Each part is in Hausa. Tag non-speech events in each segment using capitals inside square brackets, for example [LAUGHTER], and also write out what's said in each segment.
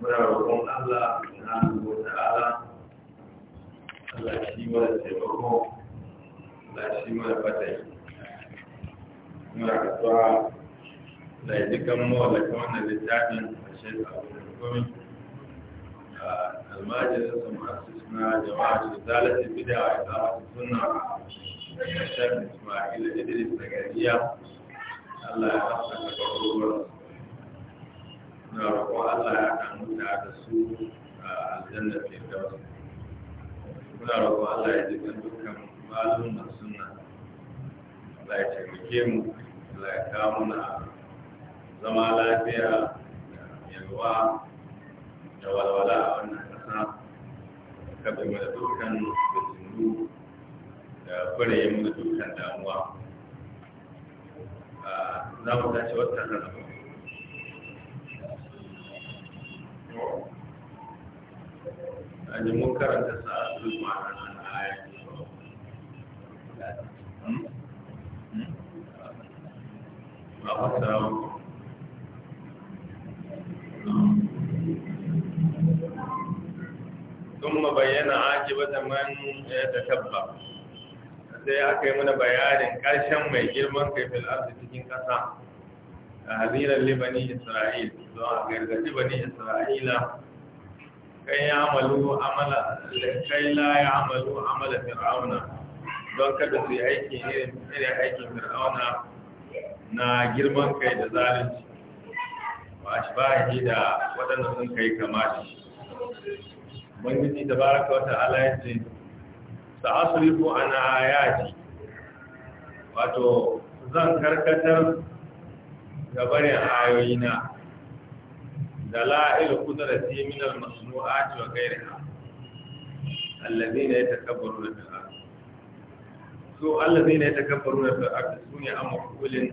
muna roƙon Allah subhanahu wa ta'ala Allah shi ya dukkan mawallaka wannan littafin a shekaru da ya haskaka suna roƙon Allah ya kamu da da su a aljanna ke dawo muna roƙon Allah ya ji kan dukkan malumin sunna Allah ya taimake mu Allah ya kawo na zama lafiya da yalwa da walwala a wannan ƙasa ka bai mana dukkan fitinu da kware mana dukkan damuwa za mu tashi wata ta rana an yi mun karanta sa a duk ma'anar aya hmm? Hmm? ba a fasara ba ثم بين عاقبة من يتكبر sai aka yi mana bayanin ƙarshen mai girman kai fil arzi cikin ƙasa tahziran li bani isra'il don a gargaɗi bani isra'ila kai ya amalu amala kai la ya amalu amala fir'auna don kada su yi aiki irin aikin fir'auna na girman kai da zalunci ba shi ba yi da waɗanda sun kai kama da shi ubangiji da baraka wata ala ya ce sa'asurifu ana ayati wato zan karkatar ga barin ayoyina da la'il kudrati min al-masnu'ati wa ghayriha alladhina yatakabbaruna na ardh so alladhina yatakabbaruna fil suna sune amrulin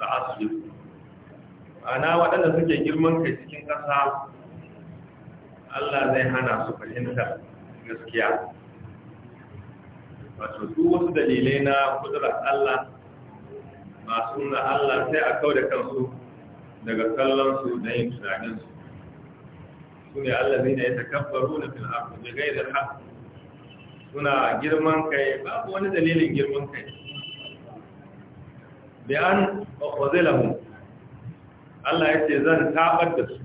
da asli ana waɗanda suke girman kai cikin ƙasa Allah zai hana su fahimtar gaskiya wato duk wasu dalilai na kudura Allah masu na Allah sai a kau da kansu daga kallonsu da yin tunaninsu su ne Allah zai na ya takabbaru na fil haku da gaidar haku suna girman kai babu wani dalilin girman kai da an ƙwazilahu Allah ya ce zan tabar da su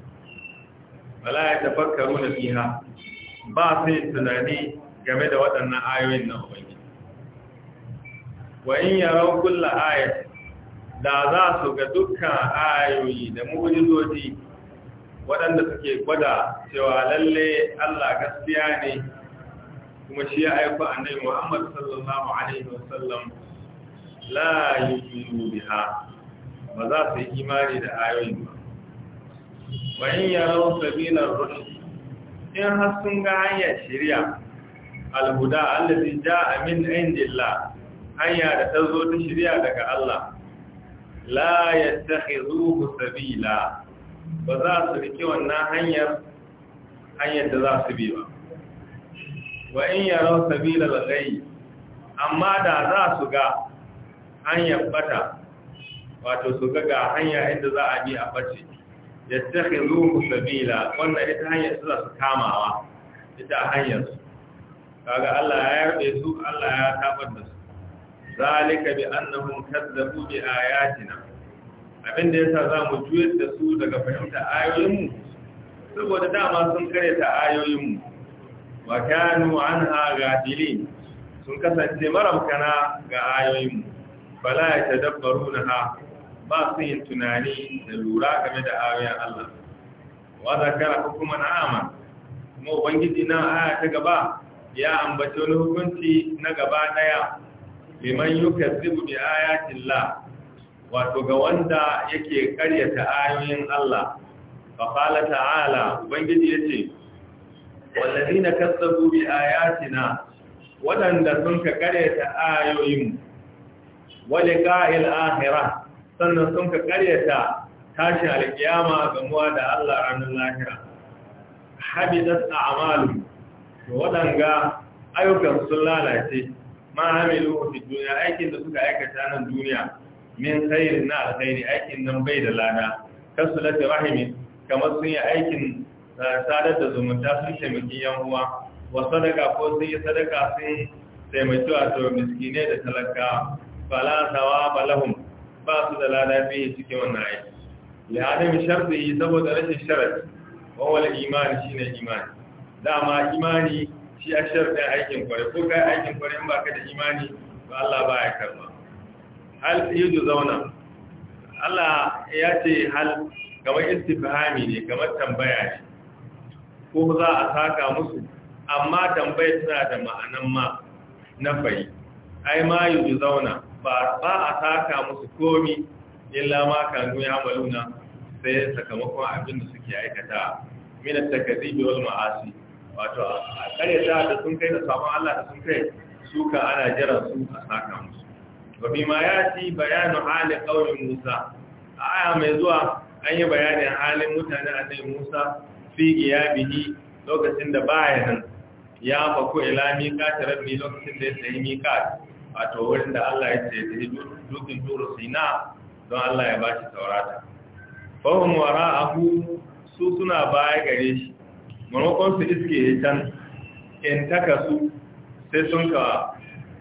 Bala ya tafakkaru na fiha ba su yi tunani game da waɗannan ayoyin na ubangi wa in yaro kulla ayati da za su ga dukkan ayoyi da mu'jizoji waɗanda suke gwada cewa lalle Allah gaskiya ne kuma shi ya aiko annabi Muhammad sallallahu alaihi wasallam la yu'minu biha ba za su yi imani da ayoyin ba wa in yaraw ar rushd in har sun ga hanyar shari'a al-huda allazi ja'a min indillah hanya da ta zo ta shari'a daga Allah la yattakhidhuhu sabila ba za su rike wannan hanyar hanyar da za su bi ba wa in yaraw sabila al-ghayy amma da za su ga hanyar bata wato su ga ga hanyar inda za a bi a bace yattakhidhuhu sabila wannan ita hanyar su za su kamawa ita hanyar su kaga Allah ya yarbe su Allah ya tabar da su zalika bi annahum kadzabu bi ayatina abin da yasa zamu juyar da su daga fahimta ayoyinmu saboda dama sun karanta ayoyinmu wa kanu anha ghafilin sun kasance maramkana ga ayoyinmu ya tadabbarunha ba su yin tunani da lura game da ayoyin Allah wa zakara hukuma ama kuma ubangiji na aya ta gaba ya ambaci wani hukunci na gaba daya liman yukazzibu bi ayatillah wato ga wanda yake karyata ayoyin Allah fa qala ta'ala ubangiji yace wallazina kazzabu bi ayatina wadanda sun ka karyata ayoyin wal qa'il akhirah sannan sun ka karyata tashin alkiyama muwa da Allah ranar lahira habidat a'malu wadanga ayyukan sun lalace ma amilu fi duniya aikin da suka aikata nan duniya min khairin na alkhairi aikin nan bai da lada kasulati rahimi kamar sun yi aikin eh, sadar da zumunta sun taimaki yan uwa wa sadaka ko sun yi sadaka sun taimaki to miskine da talaka fala sawaba lahum ba su da lada bai cikin wannan aiki li mi sharbi saboda rashin sharadi wa wal iman shine imani dama imani shi ya sharɗin aikin kware, ko kai aikin in ba ka da imani ba Allah ba ya karɓa hal Yudu zauna Allah ya ce hal kamar istifhami ne kamar tambaya ne ko za a saka musu amma tambayar tana da ma'anan ma na fayi ai ma Yudu zauna ba a saka musu komi illa ma zo ya maluna sai sakamakon abin da suke aikata min at-takdhib wal ma'asi wato a kare ta da sun kai da samun Allah da sun kai suka ana jiran su a saka musu wa bi ma ci bayanu hali qaulin Musa a aya mai zuwa an yi bayanin halin mutane a annabi Musa fi bihi lokacin da baya nan ya fako ila miqat rabbi lokacin da ya sayi miqat wato wurin da Allah ya ce da dukin turu sina don Allah ya ba shi taurata fahim wara'ahu su suna baya gare shi marokon su iske can in takasu sai sun ka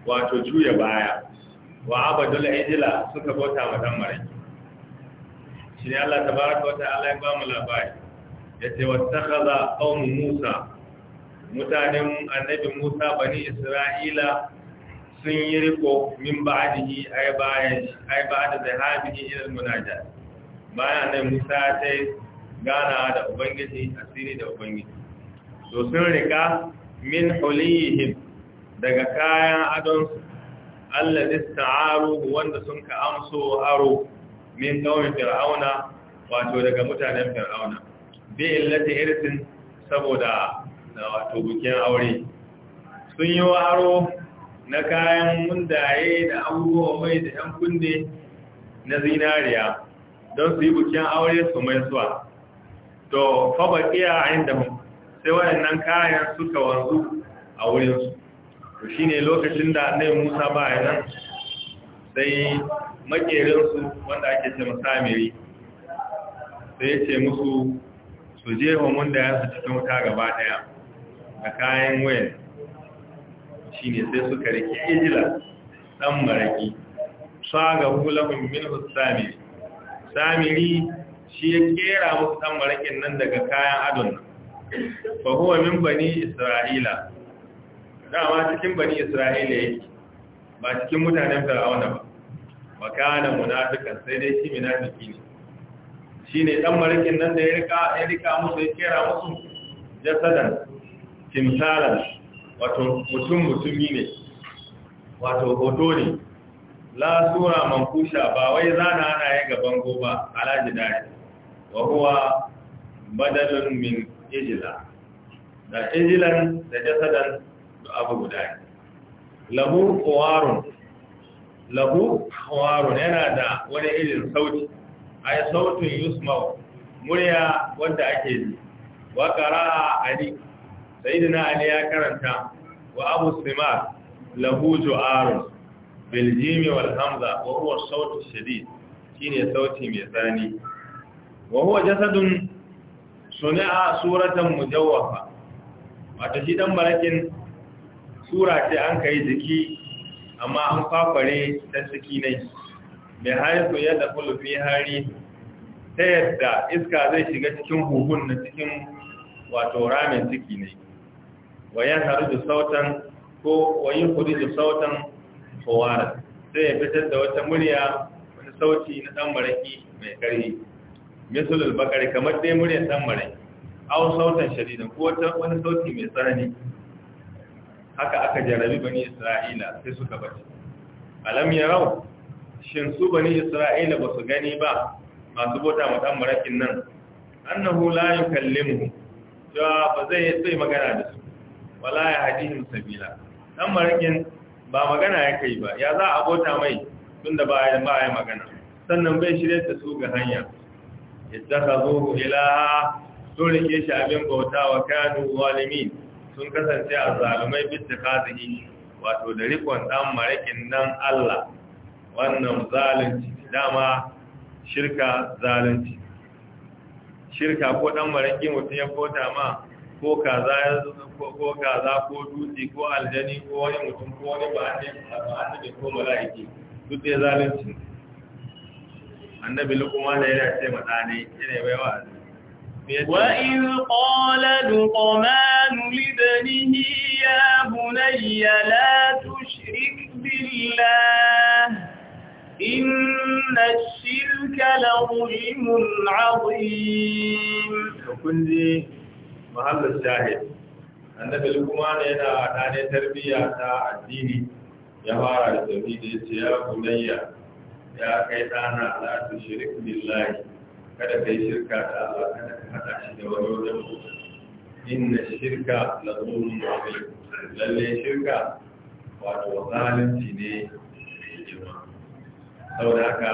wato juya baya wa abadul ijila suka bauta wa dan maraki shi ne Allah tabaraka wata Allah ya ba mu labari ya ce wattakhadha qaumu Musa mutanen annabi Musa bani Isra'ila sun yi riko min ba'dihi ay ai ba ba'da zahabi ila al-munajat bayan annabi Musa ta gana da ubangiji asiri da ubangiji to sun rika min hulihim daga kayan adon allazi ta'aru wanda sun ka amso aro min kaumin fir'auna wato daga mutanen fir'auna bi illati irsin saboda wato bukin aure sun yi aro na kayan mundaye da abubuwa mai da yan kunne na zinariya don su yi bukin aure su mai suwa to fa baqiya inda mun sai wayannan kayan suka wanzu a wurinsu to shine lokacin da annabi Musa ba ya nan sai makerinsu wanda ake ce musamiri sai ya ce musu su je homun da yansu cikin wuta gaba daya da kayan wayan shine sai suka rike ijila ɗan maraki saga hulahun min samiri samiri shi ya kera musu ɗan marakin nan daga kayan adon nan fa huwa min bani isra'ila dama cikin bani isra'ila yake ba cikin mutanen fir'auna ba wa kana munafikan sai dai shi munafiki ne Shi ne dan marikin nan da ya rika ya rika musu ya kera musu jasadan timsalan wato mutum mutumi ne wato hoto ne la sura mankusha ba wai zana ana yi gaban goba alaji dare wa huwa badalun min ijila da ijilan da jasadar da abu guda lahu kawarun lahu kawarun yana da wani irin sauti ai sautin yusmau murya wanda ake ji wa qara'a ali sayyidina ali ya karanta wa abu simar lahu ju'arun bil jimi wal hamza wa huwa sautu shadid shine sauti mai tsani wa huwa jasadun a suratan mujawwafa wata shi dan marakin sura ce an kai jiki amma an fafare ta ciki ne mai haifu ya da fi hari ta yadda iska zai shiga cikin huhun na cikin wato ramin ciki ne wayan haru da sautan ko wayin kudu da sautan kowar sai ya fitar da wata murya wani sauti na dan maraki mai karfi misalul bakari kamar dai murya dan mare aw sautan shadidan ko wani sauti mai tsanani haka aka jarabi bani isra'ila sai suka bace alam yarau shin su bani isra'ila ba su gani ba masu bota mu dan marakin nan annahu la yukallimu Ya ba zai sai magana da su wala ya hadihim sabila dan marakin ba magana ya kai ba ya za a bota mai tunda ba ya magana sannan bai shirye da su ga hanya ittakhadhuhu ilaha sun rike shi abin bauta wa kanu zalimin sun kasance a zalumai bittakhazihi wato da rikon dan marakin nan Allah wannan zalunci dama shirka zalunci shirka ko dan maraki mutum ya kota ma ko kaza ko kaza ko dutse ko aljani ko wani mutum ko wani ba a ne ko mala'iki duk da zalunci annabi وإذ قال لقمان لبنه يا بني لا تشرك بالله إن الشرك لظلم عظيم لكن محل الشاهد أن في القمان هنا أتاني تربية أتا الدين يهار التوحيد يا بني ya kai ɗana la tu shirik billahi kada kai shirka da Allah kada ka hada shi da wani wajen inna shirka la zulmun azim lalle shirka wato zalunci ne mai girma da haka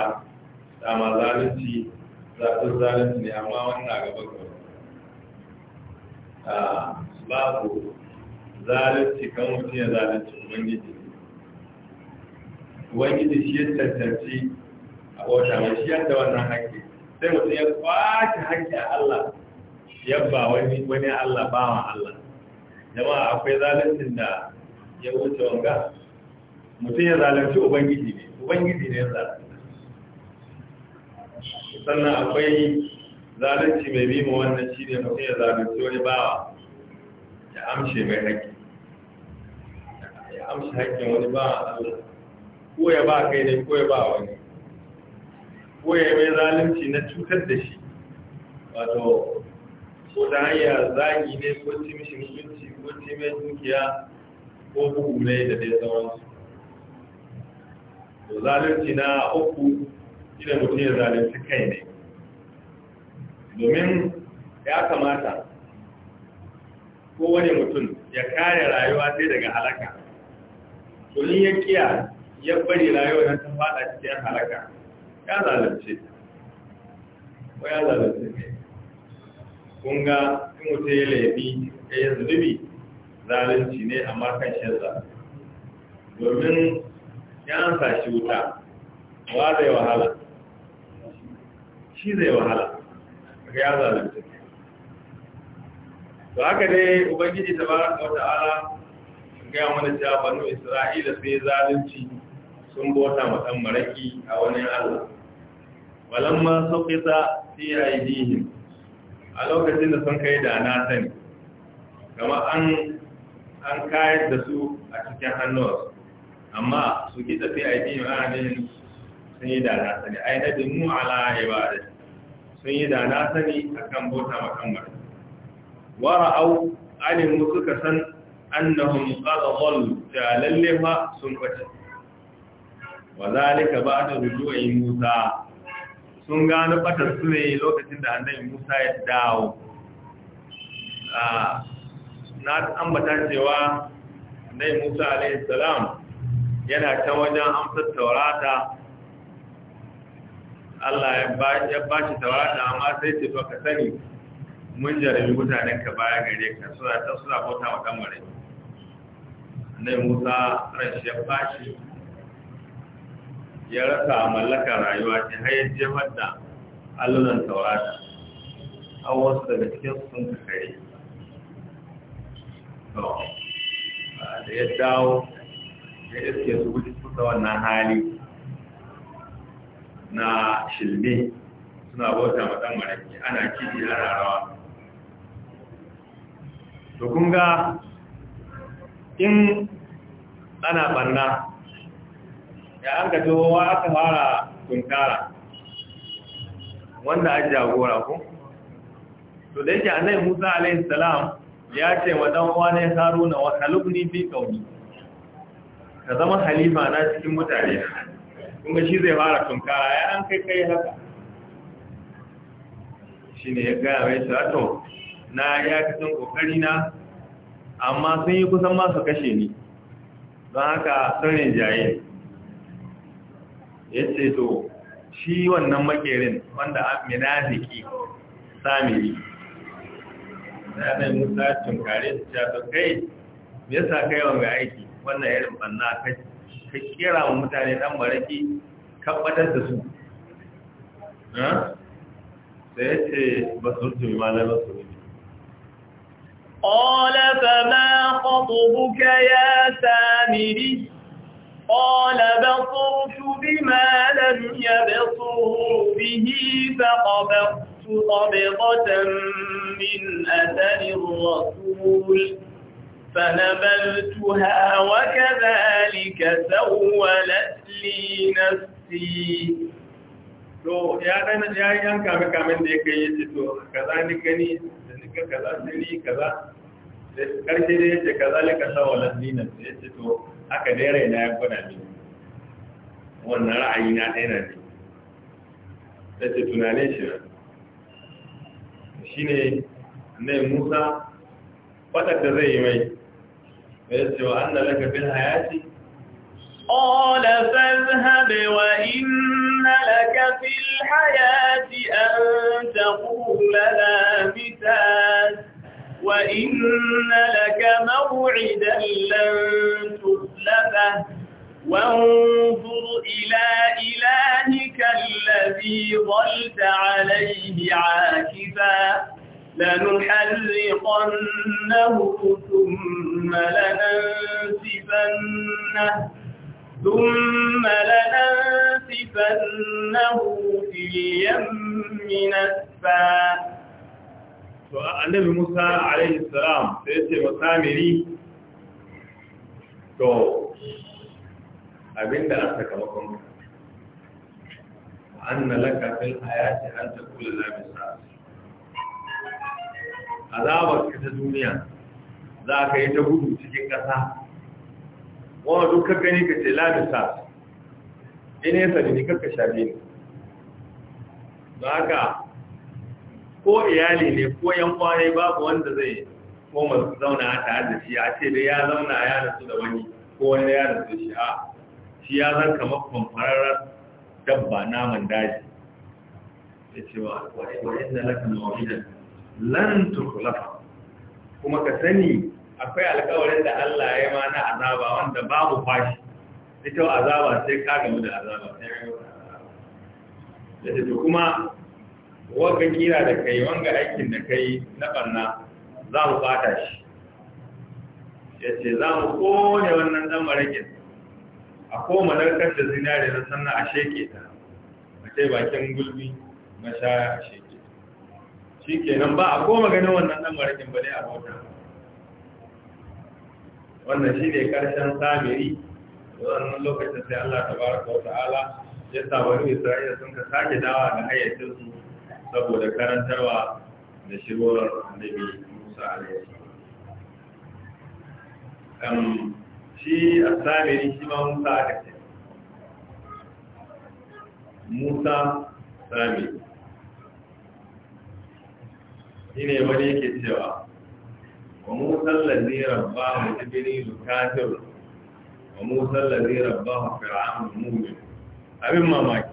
dama zalunci zaɓin zalunci ne amma wannan gaba gaba ah, babu zalunci kan mutum ya zalunci ubangiji ubangiji shi ya cancanci a wata mai shi yadda wannan haƙƙi sai mutum ya kwace haƙƙi a Allah ba wani wani Allah wa Allah jama akwai zaluncin da ya wuce wanga mutum ya zalunci ubangiji ne ubangiji ne ya zalunci sannan akwai zalunci mai bi mu wannan shi ne mutum ya zalunci wani bawa ya amshe mai haƙƙi ya amshe haƙƙin wani bawa Allah ko ya ba kai ne ko ya ba wani ko ya mai zalunci na cutar da shi wato ko ta hanyar zagi ne ko ci mishi mutunci ko ci mai dukiya ko bugu ne da dai sauransu to zalunci na uku idan mutum ya zalunci kai ne domin ya kamata kowane mutum ya kare rayuwa sai daga halaka to ni ya kiya ya bari rayuwar nan ta fada cikin halaka ya zalunce ko ya zalunce ne kun ga in mutum ya laifi ya yi zunubi zalunci ne amma kan shi za domin ya an sashi wuta wa zai wahala shi zai wahala ga ya zalunce ne to haka dai ubangiji ba wata ala ga mana cewa banu isra'ila sai zalunci sun bota wa ɗan maraki a wani allah walamma sauƙita fi aidihim a lokacin da sun kai da na sani kama an an kayar da su a cikin hannu amma su ki tafi aidihim a hannun sun yi da na sani ai na dimu ala ibadati sun yi da na sani akan bota wa ɗan maraki au alimu suka san annahum qad dhallu ta lalle fa sun bace wa zalika ba'da ruju'i Musa sun gano fatar su ne lokacin da annabi Musa ya dawo ah, na ambata cewa annabi Musa alayhi salam yana ta wajen amsar taurata Allah ya ba shi taurata amma sai ce to ka sani mun jarabi mutanen ka baya gare ka suna ta suna bauta wa kamarai annabi Musa ran shi ya bashi ya rasa a mallaka rayuwa ta hayar jefar da allunan taurata a wasu daga cikin sun kare da ya dawo ya iske su wuce suka wannan hali na shilme suna bauta matan maraki ana kiri a rarawa to kunga in ana barna ya an ka wa aka fara tunkara wanda an jagora ku to da yake annai musa alaihi salam ya ce wa dan uwa ne haruna wa halubni fi qaumi ka zama halima na cikin mutane kuma shi zai fara tunkara ya an kai kai haka ne ya gaya mai sato na ya kasan kokari na amma sun yi kusan masu kashe ni don haka sun rinjaye ya ce to shi wannan makerin wanda minaziki samiri na mai musa tunkare su ta to kai me yasa kai wanga aiki wannan irin banna ka kera wa mutane dan baraki kabbatar da su sai ya ce ba su rufe malar ba su Ola قال فما خطبك يا سامري قال بصرت بما لم يبصروا به فقبضت قبضة من أثر الرسول فنبلتها وكذلك سولت لي نفسي to ya dan ya yan kame kamen da yake yace to kaza ni gani da ni kaza sai ni kaza da karshe da yace kaza lika sawalat dinan yace to haka dai raina ya gwada mini wannan ra'ayi na ɗaya na ne ta ce tunanin shi shi ne na musa fatar da zai yi mai da ya ce wa an da laka fil hayati قال فاذهب وإن لك في الحياة An ta لا مثال وإن لك موعدا لن تخلفه وانظر إلى إلهك الذي ظلت عليه عاكفا لنحرقنه ثم لننسفنه ثم لننسفنه في اليم نسفا to annabi musa alaihi salam sai ce masamiri to abinda aka saka kuma an laka fil hayati an ta kula labin sa azabar ta duniya za ka yi ta gudu cikin ƙasa wanda duk ka gani ka ce la bisa ina yasa da ni kakka shafe ni ba ko iyali ne ko yan kwanai babu wanda zai koma zauna a tare da shi a ce da ya zauna ya rasu da wani ko wani ya rasu shi a shi ya zan kama kwamfararar dabba naman daji ya ce wa alkwai da laka mawahidan lan tukulafa kuma ka sani akwai alkawarin da Allah ya ma na azaba wanda babu fashi ita azaba sai ka gamu da azaba sai ya yi kuma wanda kira da kai wanga aikin da kai na banna za mu fata shi ya ce za mu kone wannan dan marakin a koma narkar da zinare na sannan a sheke ta a kai bakin gulbi sha a sheke shi kenan ba a koma ganin wannan dan marakin ba ne a bauta wannan shi ne karshen samiri wannan lokacin sai Allah tabaraka wa ta'ala ya sa Isra'ila sun ka sake dawa da hayyacinsu saboda karantarwa da shirwar annabi musa alaihi shi a samiri shi ma musa aka ce musa sami. shi ne wani yake cewa wa musan laziran ba mu jibini lukatun wa musan laziran ba mu fir'amun mumin abin mamaki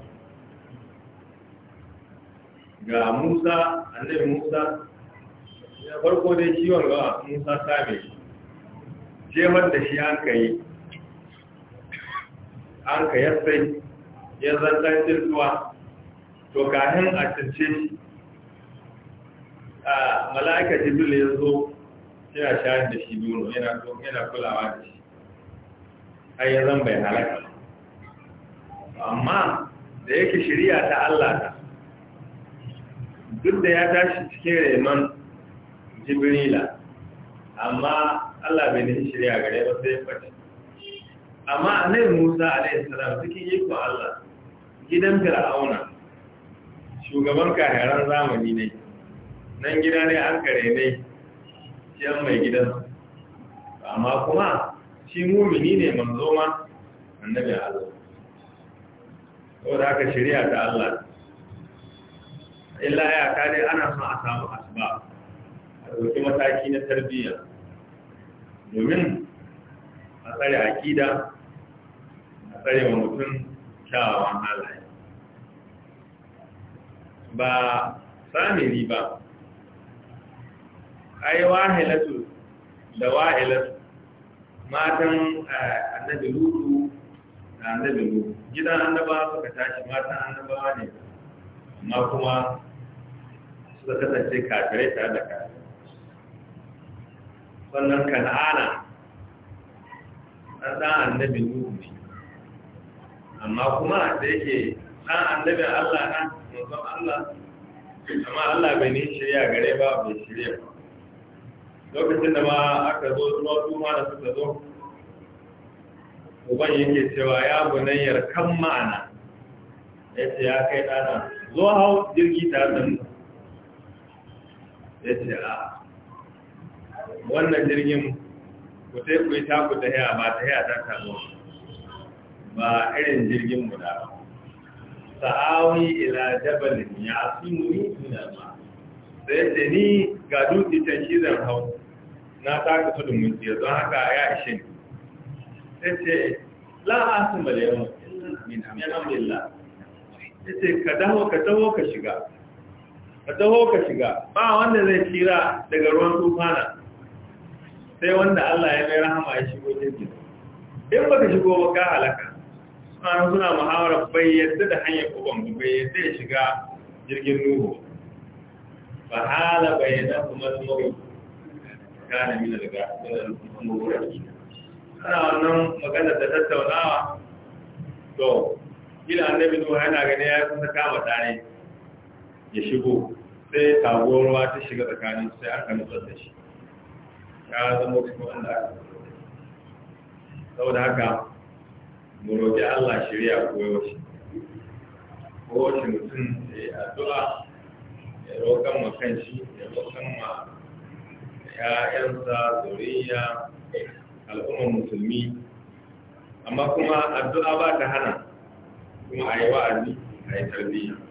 ga musa annabi musa ya farko dai ciwon ga musa same jefar da shi an ka yi an ka yassai ya zanta cirtuwa to kahin a cince a mala'ika jibril ya zo yana shayar da shi nono yana kulawa da shi har ya zan bai halaka amma da yake shirya ta Allah ta duk da ya tashi cikin renon jibrila amma Allah bai nufi shirya gare ba sai fata amma annabi Musa alaihi salam cikin iko Allah gidan Fir'auna shugaban kahiran zamani ne nan gida ne an kare ne shi an mai gidan amma kuma shi mumini ne manzo ma annabi Allah da ka shirya ta Allah illa ya ka dai ana son a samu asuba a ɗauki mataki na tarbiyya domin a tsare akida a tsare wa mutum kyawawan halaye ba samiri ba ai wahilatu da wahilatu matan eh, annabi lutu da annabi lutu gidan annaba suka tashi matan annabawa ne amma kuma suka kasance kafirai tare da kafirai sannan kan'ana an ɗan annabi nuhu ne amma kuma da yake ɗan annabi allah na manzon allah amma allah bai ne shirya gare ba bai shirya ba lokacin da ma aka zo zuwa tuma da suka zo uban yake cewa ya gunayyar kan ma'ana ya ce ya kai ɗana zo hau jirgi ta zama ya ce a wannan jirgin ku sai ku yi taku ta haya ba ta haya ta samu ba irin jirgin mu da sa'awi ila jabalin ya suni ina ma sai da ni ga dutse can shi zan hau na taka tudun mutu don haka ya ishe ni sai ce la'asin balewa min amillah ya ce ka dawo ka dawo ka shiga ka taho ka shiga ba wanda zai tira daga ruwan tufana sai wanda Allah ya mai rahama ya shigo jirgin in ba ka shigo ba ka halaka suna suna muhawar bai yadda da hanyar ubangu bai yadda ya shiga jirgin nuhu ba hala bai yadda kuma tsoro gane mina daga ana wannan magana da tattaunawa to gina annabi nuhu yana gani ya kusa kama tare ya shigo sai taguwar ruwa ta shiga tsakanin sai aka nutsar da shi ya zama cikin wanda aka saboda haka mu roƙi Allah shirya koyaushe kowace mutum da ya addu'a ya roƙan ma shi ya roƙan ma ‘ya'yansa zuriya al'ummar musulmi amma kuma addu'a ba ta hana kuma a yi wa'azi a yi tarbiyya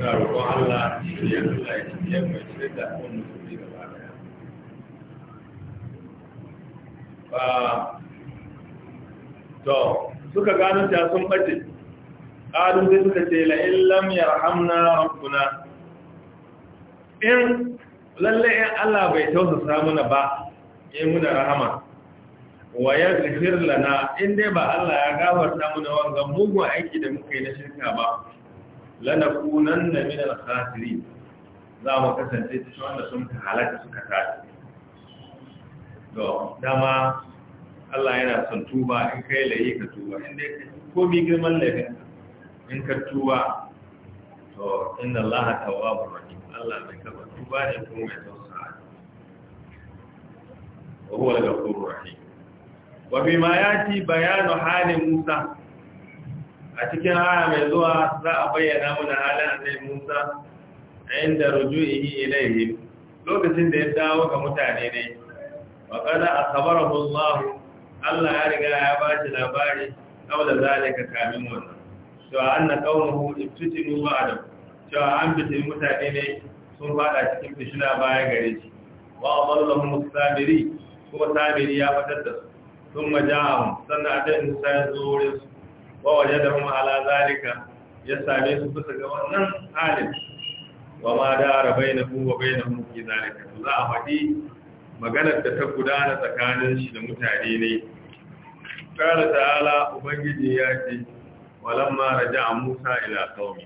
suna roƙon Allah shi ya Allah ya ci yan mai shi da kuma da gaba daya ba to suka gano ta sun ɓace, ƙalun sai suka ce la illam yarhamna rabbuna in lalle in Allah bai tausasa mana ba yayin eh, muna rahama wa ya zikir lana in dai ba Allah ya gafarta mana wannan mugun aiki da muka yi na shirka ba na min al-khasirin za mu kasance cikin wanda sun ka halaka suka tashi to dama Allah yana son tuba in kai laye ka tuba inda ko mi girman laifin in ka tuba to inna Allah tawwabur rahim Allah mai kaba tuba ne kuma mai tausa wa huwa al-ghafurur rahim wa bima yati bayanu halin Musa a cikin haya mai zuwa za a bayyana muna halin annai musa a inda rujuihi ilaihi lokacin da ya dawo ga mutane ne wa kada a sabarahu allah allah ya riga ya ba shi labari kawai da zalika kamin wannan cewa an na kaunahu ibtitinu ba'da cewa an fitini mutane ne sun fada cikin fishina baya gare shi wa adallahu mustamiri kuma samiri ya fitar da su sun maja'ahum sannan a ta musa ya zo wurin su wa wajadahum ala zalika ya same su bisa ga wannan halin wa ma dara bainahu wa bainahum fi zalika to za a faɗi maganar da ta gudana tsakanin shi da mutane ne qala ta'ala ubangiji ya ce walamma raja'a musa ila qaumi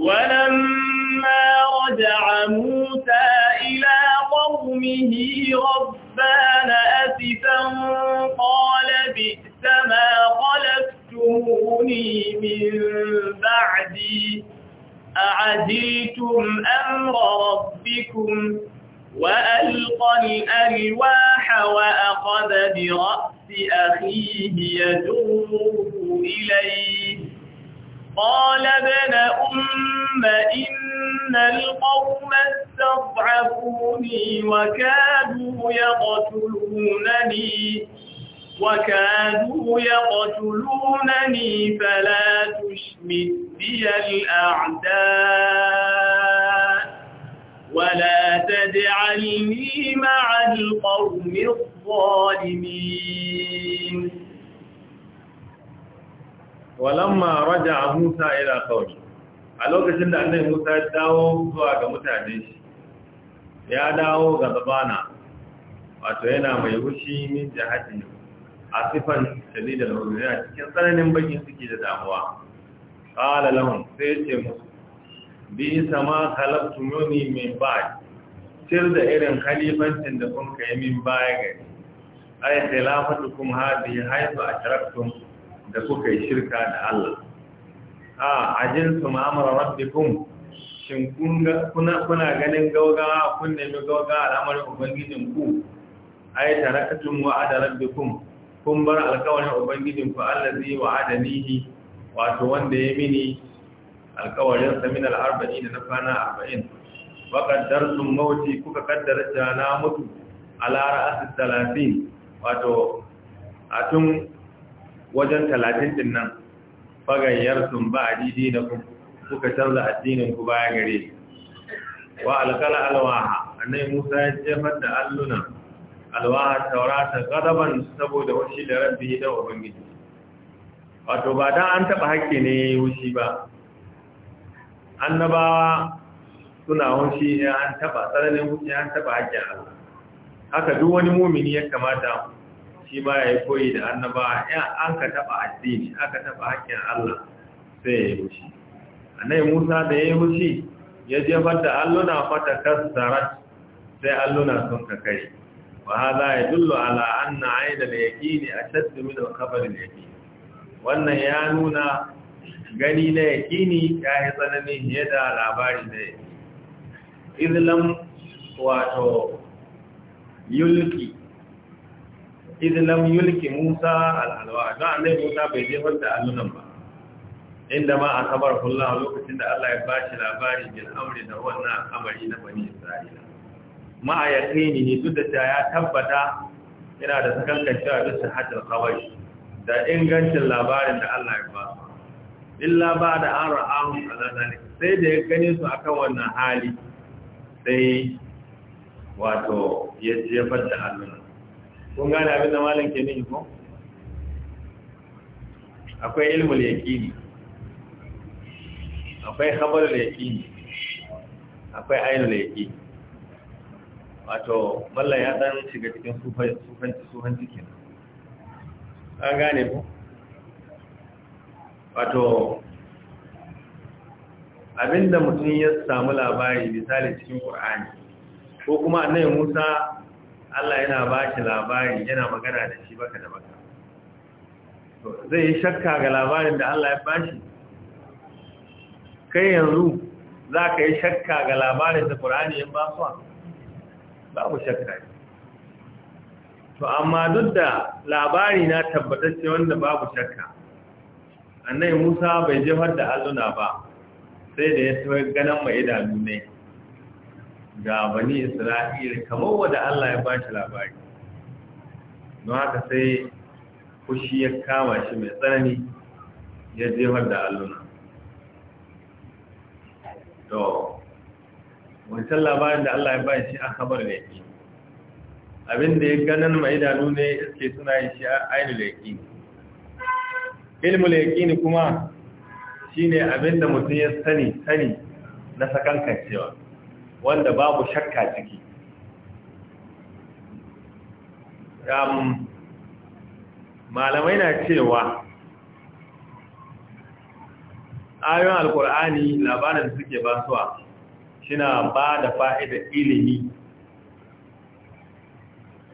walamma raja'a musa ila qaumihi rabbana asifan qala bi'sa ma qalafta خلفتموني من بعدي أعجلتم أمر ربكم وألقى الألواح وأخذ برأس أخيه يجره إليه قال ابن أم إن القوم استضعفوني وكادوا يقتلونني وكانوا يقتلونني فلا تشمت بي الأعداء ولا تجعلني مع القوم الظالمين ولما رجع موسى إلى قومه a lokacin da annabi Musa ya dawo zuwa ga mutane shi ya dawo ga zabana wato yana mai hushi min jahatin a asifan da huzn yana cikin tsananin bakin suke da damuwa ƙala lamun sai ce musu bi sama mai ba ba'd tir da irin khalifancin da kun kai min baya gari ay khilafatukum hadhihi a ashraktum da kuka yi shirka da Allah a ajin su ma'amara kun shin kuna ganin gaugawa kun nemi gaugawa al'amarin ubangijin ku ai tarakatun wa rabbi kun kun bar alkawarin ubangijin ku Allah allazi wa'adanihi wato wanda ya mini alkawarin sa min al-arba'in na kwana 40 wa qaddartum mauti kuka kaddara ta na mutu ala ra'as 30 wato a tun wajen 30 din nan adidi da ku kuka canza addinin ku baya gare wa alkala alwaha annabi Musa ya jefar da alluna alwaha taurata gadaban saboda washi da rabbi da ubangiji wato ba dan an taba hakke ne wushi ba annabawa suna wushi ne an taba tsananin wushi an taba hakke Allah haka duk wani mumini ya kamata shi ba ya yi koyi da annabawa in an ka taba addini aka taba hakkin Allah sai ya yi wushi Musa da ya yi wushi ya jefar da alluna fata kasarat sai alluna sun ka kai ya dullo ala فهذا يدل على أن عين اليقين أشد من الخبر اليقين wannan ya nuna gani na ne ya yi tsananin fiye da labari na yakini islam wato yulki islam yulki musa al'alwa don annai musa bai jefar da allunan ba inda ma a kabar kullum lokacin da allah ya ba shi labari bil amri da wannan amari na bani isra'ila ma'ayakai ne duk da ya tabbata yana da sakankancewa da hajjar kawai da ingancin labarin da Allah ya ba illa ba da an ra'ahu alalani sai da ya gani su a kan wannan hali sai wato ya jefar da hannun kun gane abin da malin ke ne ko akwai ilmul yaqini akwai khabarul yaqini akwai ainul yaqini wato mallan ya dan shiga cikin sufanci sufanci ke an gane ku wato abinda mutum ya samu labari misali cikin ƙur'ani ko kuma annabi musa allah yana ba shi labari yana magana da shi baka da baka zai yi shakka ga labarin da allah ya ba shi kai yanzu za ka yi shakka ga labarin da ƙur'ani ya ba su babu shakka ne to amma duk da labari na tabbatar ce wanda babu shakka annai musa bai jefar da alluna ba sai da ya tafi ganin mai idanu ne ga bani isra'ila kamar wadda allah ya ba shi labari don haka sai kushi ya kama shi mai tsanani ya jefar da alluna wancan labarin da Allah ya ba shi a kabar da yake abin ya ganin mai idanu ne iske suna yi shi a ainihin da yake ilmul ne kuma shine abin da mutum ya sani sani na sakankancewa wanda babu shakka ciki malamai na cewa ayon alkur'ani labarin suke basuwa suna ba da fa'ida ilimi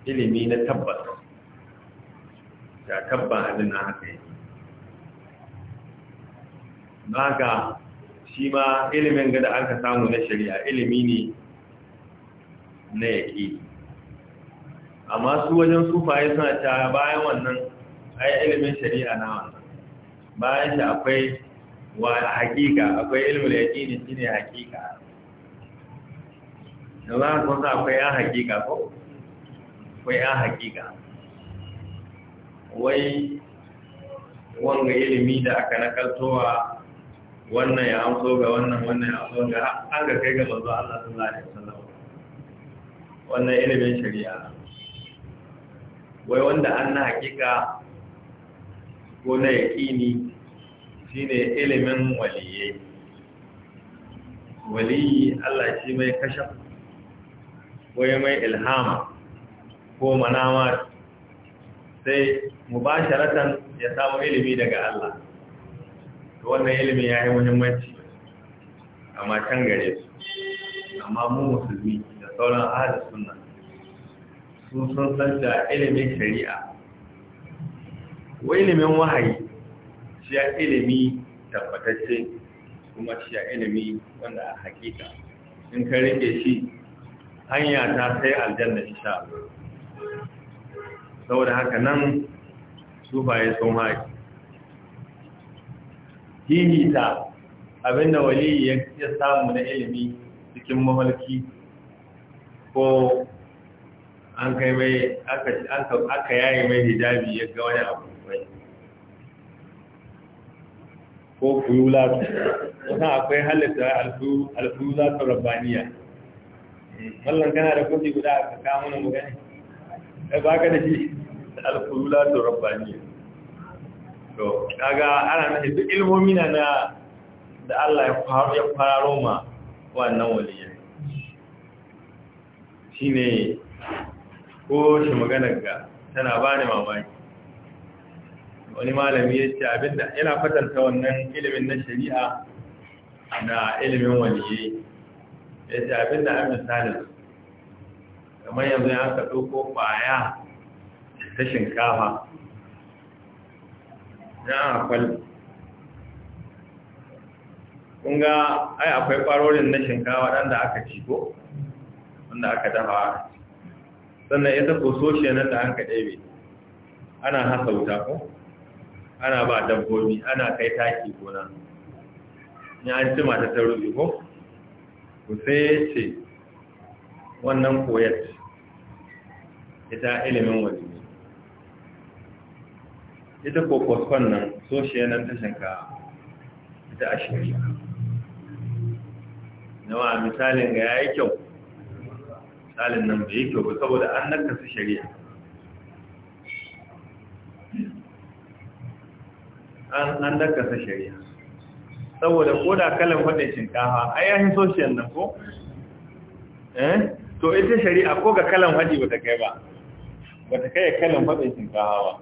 ilimi na tabbas da tabba halin na haka yi ba shi ma ilimin gada ka samu na shari'a ilimi ne na yaƙi amma su wajen sufaye suna ta bayan wannan ayi ilimin shari'a na wannan bayan shi akwai wa hakika akwai ilimin yaƙi ne shi ne hakika da za ku sa akwai ya hakika ko akwai ya hakika wai wanga ilimi da aka nakaltowa wannan ya amso ga wannan wannan ya amso ga an ga kai ga manzo Allah sallallahu alaihi wasallam wannan ilimin shari'a wai wanda an na hakika ko na yakini shine ilimin waliyyi waliyyi Allah shi mai kashafa ko ya mai ilhama ko manama sai mubasharatan ya samu ilimi daga Allah to wannan ilimi ya yi muhimmanci amma can gare su amma mu musulmi da sauran ahalin sunna sun sun san da ilimin shari'a ko ilimin wahayi shi ya ilimi tabbatacce kuma shi ya ilimi wanda a hakika in ka rike shi hanya ta sai aljanna insha Allah saboda haka nan su baye sun haƙi ta abinda wali ya samu na ilimi cikin mamalki ko an kai mai aka yayi mai hijabi ya ga wani abu mai ko kuyula wata akwai halitta al ta rabbaniya wallan kana da kudi guda a ka mana mu gani ba ka da shi alkulula to rabbani to kaga ana nahi duk ilmomi na na da Allah ya faru ya fararo ma wannan waliya shine ko shi maganar ga tana bani mamaki wani malami ya ce abinda yana fatanta wannan ilimin na shari'a da ilimin waliyi ya ce abin da an misali kamar yanzu ya ka doko ƙwaya ta shinkafa na akwai ga ai akwai ƙwarorin na shinkafa ɗan da aka ci ko wanda aka dafa sannan ya tafi soshe nan da an ka ɗebe ana hasa wuta ko ana ba dabbobi ana kai taki gona ni an ci mata ta rufe ko Ku sai ce wannan koyar ita ilimin waje ne ita ko kwaskwan nan shi yanar tashin ka ita a shari'a nawa misalin ga ya yi kyau misalin nan bai yi kyau ba saboda an nakasa shari'a an nakasa shari'a saboda koda kalan faɗin shinkafa ai yahin social nan ko eh to ita shari'a ko ga kalan ba bata kai ba bata kai kalan faɗin shinkafa ba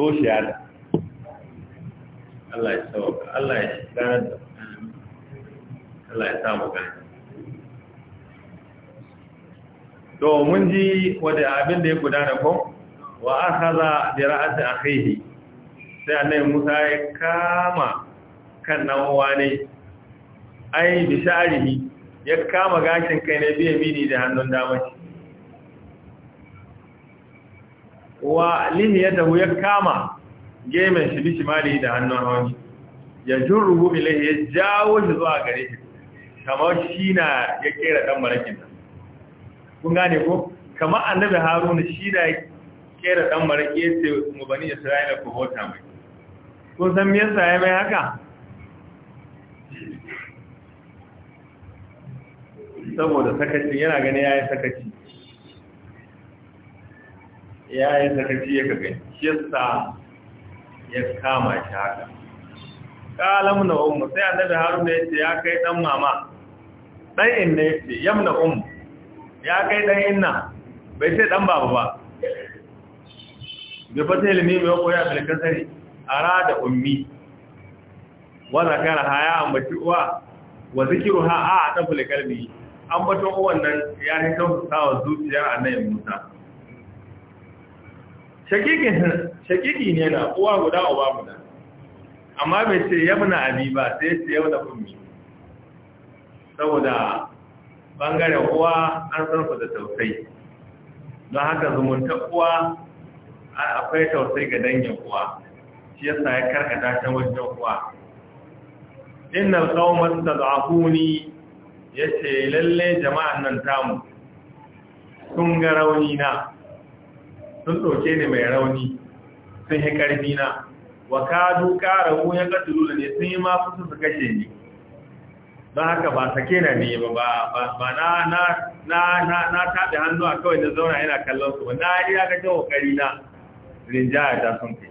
social Allah ya sauka Allah ya tsara Allah ya samu ga to mun ji wanda abin da ya gudana ko wa akhadha bi ra'si akhihi sai annabi Musa ya kama kan nan ne ai Bisharihi, ya kama gashin kai ne biye mini da hannun dama shi wa lihi ya kama gemen shi bi shimali da hannun hawan shi ya jurruhu ilai ya jawo shi zuwa gare shi kamar shi na ya kera dan marakin nan kun gane ko kamar annabi haruna shi na ya kera dan maraki ya ce mu bani isra'ila ku hota mai kun san me yasa ya mai haka saboda sakaci yana gani ya yi sakaci ya yi sakaci ya kaga shista ya kama shi haka ƙalam na umu sai annabi haruna ya ce ya kai ɗan mama ɗan inna ya ce yam na umu ya kai ɗan inna bai ce ɗan baba ba gaba ta ilimi mai koya bilkasari a ra da ummi wa zakaraha ya ambaci uwa wa ha a tafli kalbi an bato uwan nan ya yi tausasawa zuciyar annabi Musa shakiki ne na uwa guda uba guda amma bai ce yabna abi ba sai ce da kunmi saboda bangare uwa an sarfa da tausayi don haka zumunta uwa akwai tausayi ga dangin uwa shi yasa ya karkata shan wajen uwa innal qauma tad'afuni yace lalle jama'an nan tamu sun ga rauni na sun ɗauke ni mai rauni sun yi ƙarfi na wa kadu ƙara ya ƙatulu ne sun yi ma kusa su kashe ni don haka ba sake na ne ba ba na na na na da hannu a kawai na zauna yana kallon su ba na iya ga ta kokari na rinjaya ta sun kai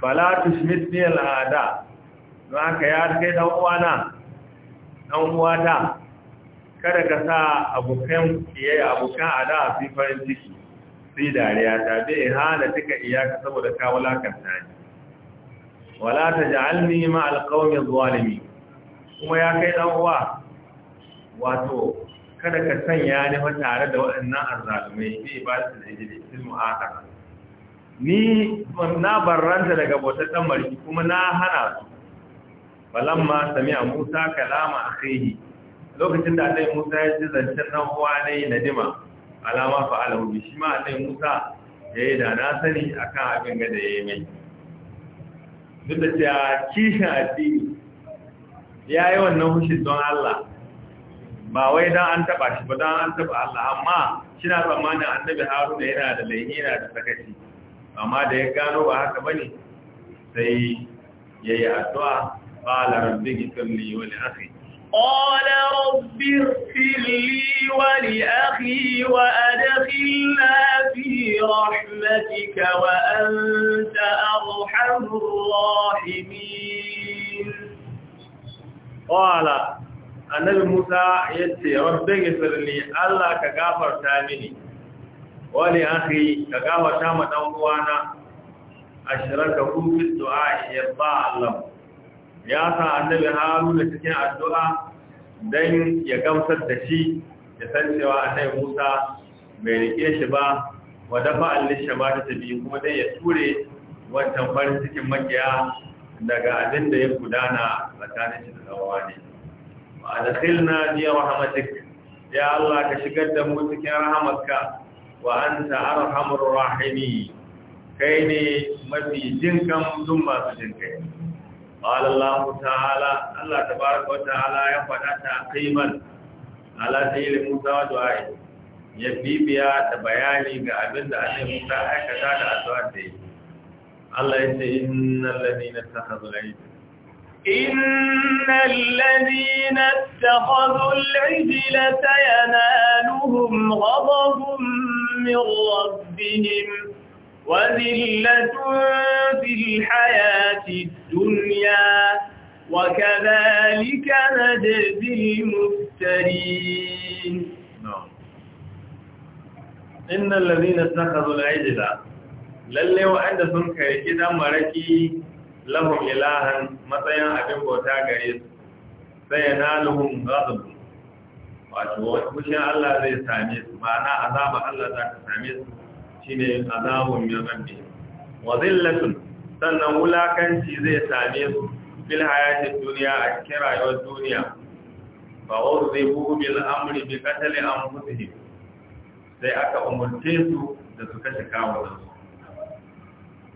falatu schmidt ne al'ada don haka ya kai dan dan uwata kada ka sa abokan kiyaye abokan ada su farin ciki sai dariya ta bai hana tuka iyaka saboda ka wulakanta ni wala taj'alni ma alqawmi zalimi kuma ya kai dan uwa wato kada ka sanya ni ma tare da waɗannan azalumai bi ba su da jiri sun mu'akara ni na barranta daga bautar dan kuma na hana su falamma sami'a Musa kalama a akhihi lokacin da dai Musa ya ji zancen nan uwa ne nadima alama fa alahu shi ma dai Musa yayi da na sani akan abin ga da yayi mai duk da cewa kishin addini ya yi wannan hushi don Allah ba wai don an taba shi ba don an taba Allah amma shi na tsammanin annabi haruna yana da laihi yana da sakaci amma da ya gano ba haka bane sai yayi addu'a قال ربي اغفر لي ولاخي قال ربي اغفر لي ولاخي وادخلنا في رحمتك وانت ارحم الراحمين قال أنا موسى يتي ربي اغفر لي الله كغفر تامني ولي اخي كغفر تام دوانا اشرك في الدعاء يرضى الله ya sa annabi haruna cikin addu'a don ya gamsar da shi ya san cewa annabi musa bai rike shi ba wadda fa'allin ba ta tabi kuma dai ya ture wancan farin cikin makiya daga abin da ya gudana tsakanin shi da tsawawa ne ba a na jiya rahamatik ya Allah ka shigar da mu cikin rahamarka wa an ta'ar hamur rahimi kai ne mafi jinkan dun masu jinkai قال الله تعالى الله تبارك وتعالى يفعل تعقيما على سيل موسى وجوائي يبيبيا تبياني بأبند أني موسى أكتا تأسواتي الله يسئ إن الذين اتخذوا العيد إن الذين اتخذوا العجل سينالهم غضب من ربهم وذلة في الحياة الدنيا وكذلك نجزي المفترين نعم. إن الذين اتخذوا العجلة للي وعند سنك إذا مركي لهم إلها مطيا أبيب وتاقريس سينالهم غضب وشوش الله ذي ساميس معنى عذاب الله زي ساميس ne azabun min rabbi wa zillatun sannan wulakanci zai same su fil hayatid duniya a cikin rayuwar duniya fa uzibu bil amri bi a anfusihim sai aka umurce su da su kashe da su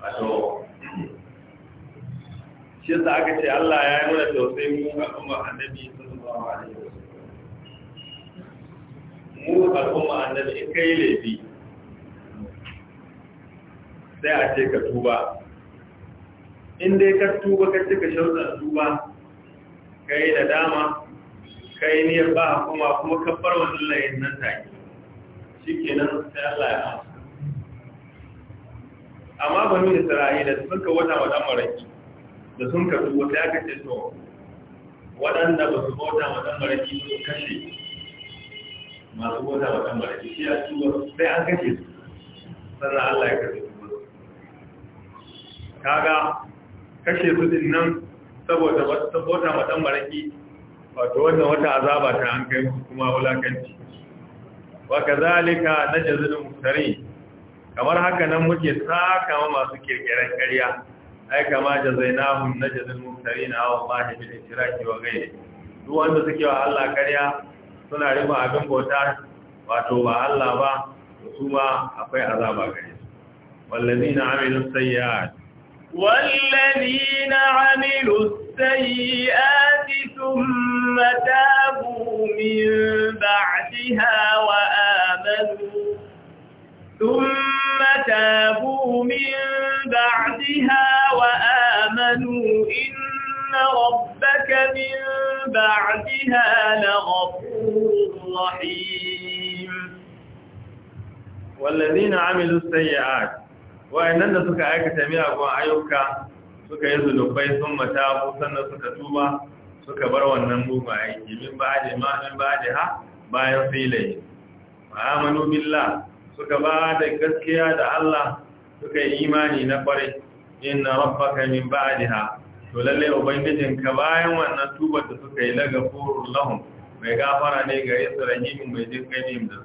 wato shi sa aka ce Allah ya yi mana tausayi mu ga al'umma annabi sallallahu alaihi wasallam mu al'umma annabi in kai laifi sai a ce ka tuba in dai ka tuba ka cika sharuɗan tuba ka yi da dama ka yi niyyar ba kuma kuma ka bar wannan layin nan take shi nan sai Allah ya amsa amma yi Isra'ila da ka wata wata maraki da sun ka tuba ya aka ce to waɗanda ba su bauta wata maraki su kashe masu bauta wata maraki shi ya tuba sai an kashe su sannan Allah ya kashe kaga kashe su din nan saboda saboda matan baraki wato wannan wata azaba ta an kai musu kuma wulakanci wa kazalika najzul muftari kamar haka nan muke saka masu kirkiran ƙarya ai kama jazainahum najzul wa ma shi bil ishraki wa ghayri duk wanda suke wa Allah ƙarya suna riba abin bota wato ba Allah ba su ma akwai azaba gare su wallazina amilus sayyi'at والذين عملوا السيئات ثم تابوا من بعدها وآمنوا ثم تابوا من بعدها وآمنوا إن ربك من بعدها لغفور رحيم والذين عملوا السيئات wayannan da suka aikata miyagun ayyuka suka yi zunubai sun mata sannan suka tuba suka bar wannan mugun aiki min ba da ma min ba da ha bayan filaye amanu billah suka ba da gaskiya da Allah suka yi imani na kware inna rabbaka min ba'daha to lalle ubangijin ka bayan wannan tuba da suka yi laga furu lahum mai gafara ne ga israhimin mai jin kai ne da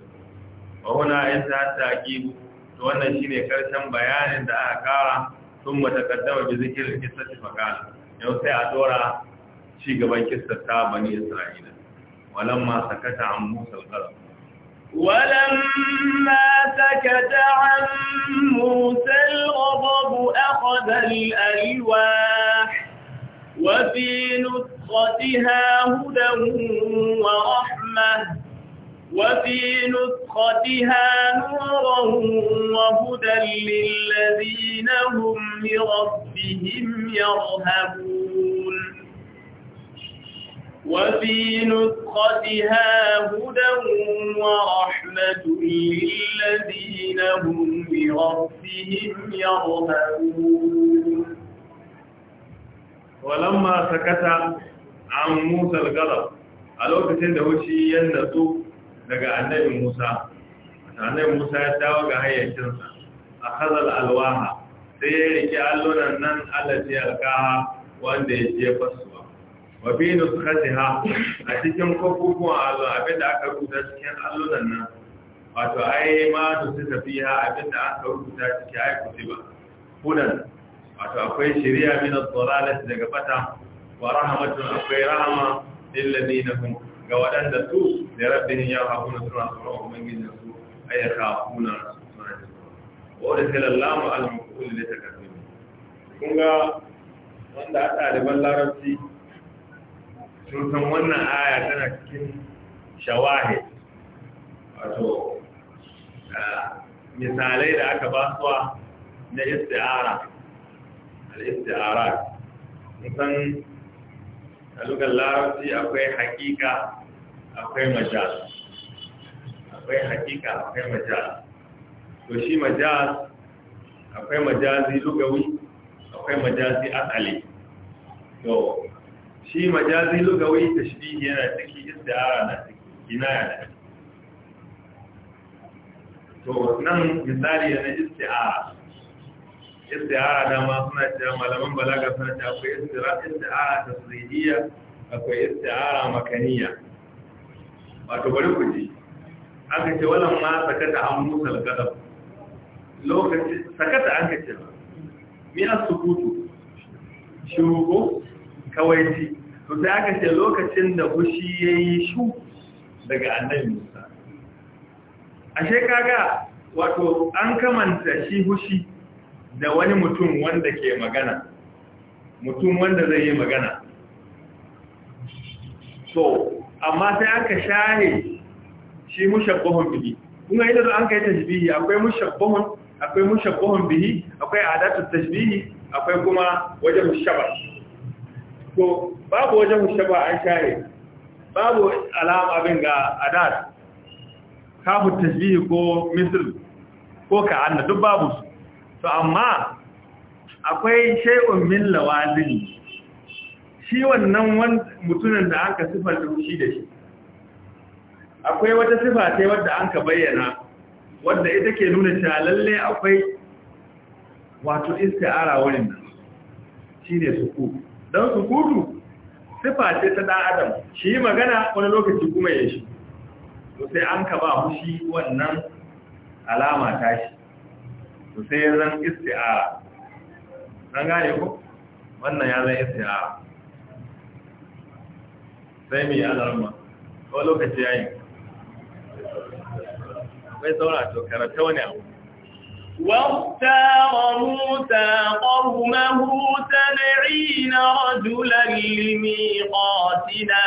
wa huna ta taqibu to wannan ne karshen bayanin da aka kara sun matakaddama bi zikirin kisar makana yau sai a dora ci gaban kisar ta bani isra'ila Walan ma sakata an musa al-qalam ولما سكت عن a الغضب أخذ الألواح وفي نسختها هدى ورحمة وفي نسختها نورا وهدى للذين هم لربهم يرهبون وفي نسختها هدى ورحمة للذين هم لربهم يرهبون ولما سكت عن موسى الغضب a lokacin da wuce daga annabi Musa annabi Musa ya dawo ga hayyacinsa a khazal alwaha sai ya rike allunan nan allati alqaha wanda ya jefa suwa wa bi nuskhatiha a cikin kofufuwan allo da aka rubuta cikin allunan nan wato ai ma su suka fiha da aka rubuta cikin ai kutiba hudan wato akwai shari'a min ad-dalalati daga fata wa rahmatun akwai rahama lil ladina ga waɗanda su da rabbihin ya haku na suna tsoron da su a yi kafu na suna ji wa wadda salallama al-mukul da ta karfi kun ga wanda a ɗaliban larabci sun san wannan aya tana cikin shawahi. wato misalai da aka ba suwa na isti'ara al-isti'ara san a larabci akwai hakika akwai majal akwai hakika akwai majal to shi majal akwai majazi lugawi akwai majazi asali to shi majazi lugawi tashbihi yana ciki istiara na ciki kinaya na ciki to nan misali yana istiara istihara dama suna cewa malaman balaga suna cewa akwai istihara tasiriya akwai istihara makaniya wato bari ku ji aka ce wannan ma sakata an musa al lokaci sakata an ka ce ba mi as-sukutu shugo kawaiti to sai aka ce lokacin da fushi yayi shu daga annabi Musa ashe kaga wato an kamanta shi fushi da wani mutum wanda ke magana mutum wanda zai yi magana so amma sai aka share shi mushabbahun bihi kuma idan an kai tashbihi akwai mushabbahun akwai mushabbahun bihi akwai adatu tashbihi akwai kuma wajen mushaba to babu wajen mushaba an share babu alama abin ga adat kafu tashbihi ko misl ko ka'anna duk babu su to amma akwai shay'un min lawazin shi wannan mutumin da aka sifar da shi da shi akwai wata sifa ce wadda an ka bayyana wadda ita ke nuna cewa lalle akwai wato isti'ara wurin nan shine sukutu dan sukutu sifa ce ta dan adam shi magana wani lokaci kuma ya shi to sai an ka ba shi wannan alama tashi. to sai ya zan isti'ara an gane ko wannan ya zan isti'ara sai mai alarma ko lokaci ya yi akwai saura to karanta wani abu واختار موسى قومه سبعين رجلا لميقاتنا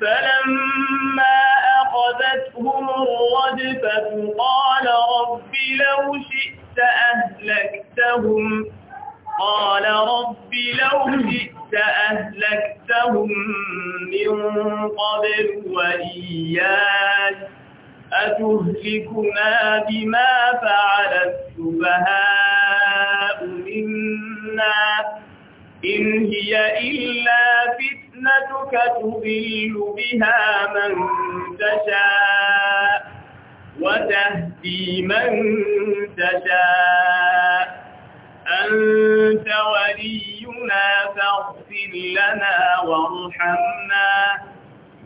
فلما فأخذتهم الرجفة قال رب لو شئت أهلكتهم قال رب لو شئت أهلكتهم من قبل وإياك أتهلكنا بما فعل السفهاء منا إن هي إلا فتنة فتنتك تضل بها من تشاء وتهدي من تشاء أنت ولينا فاغفر لنا وارحمنا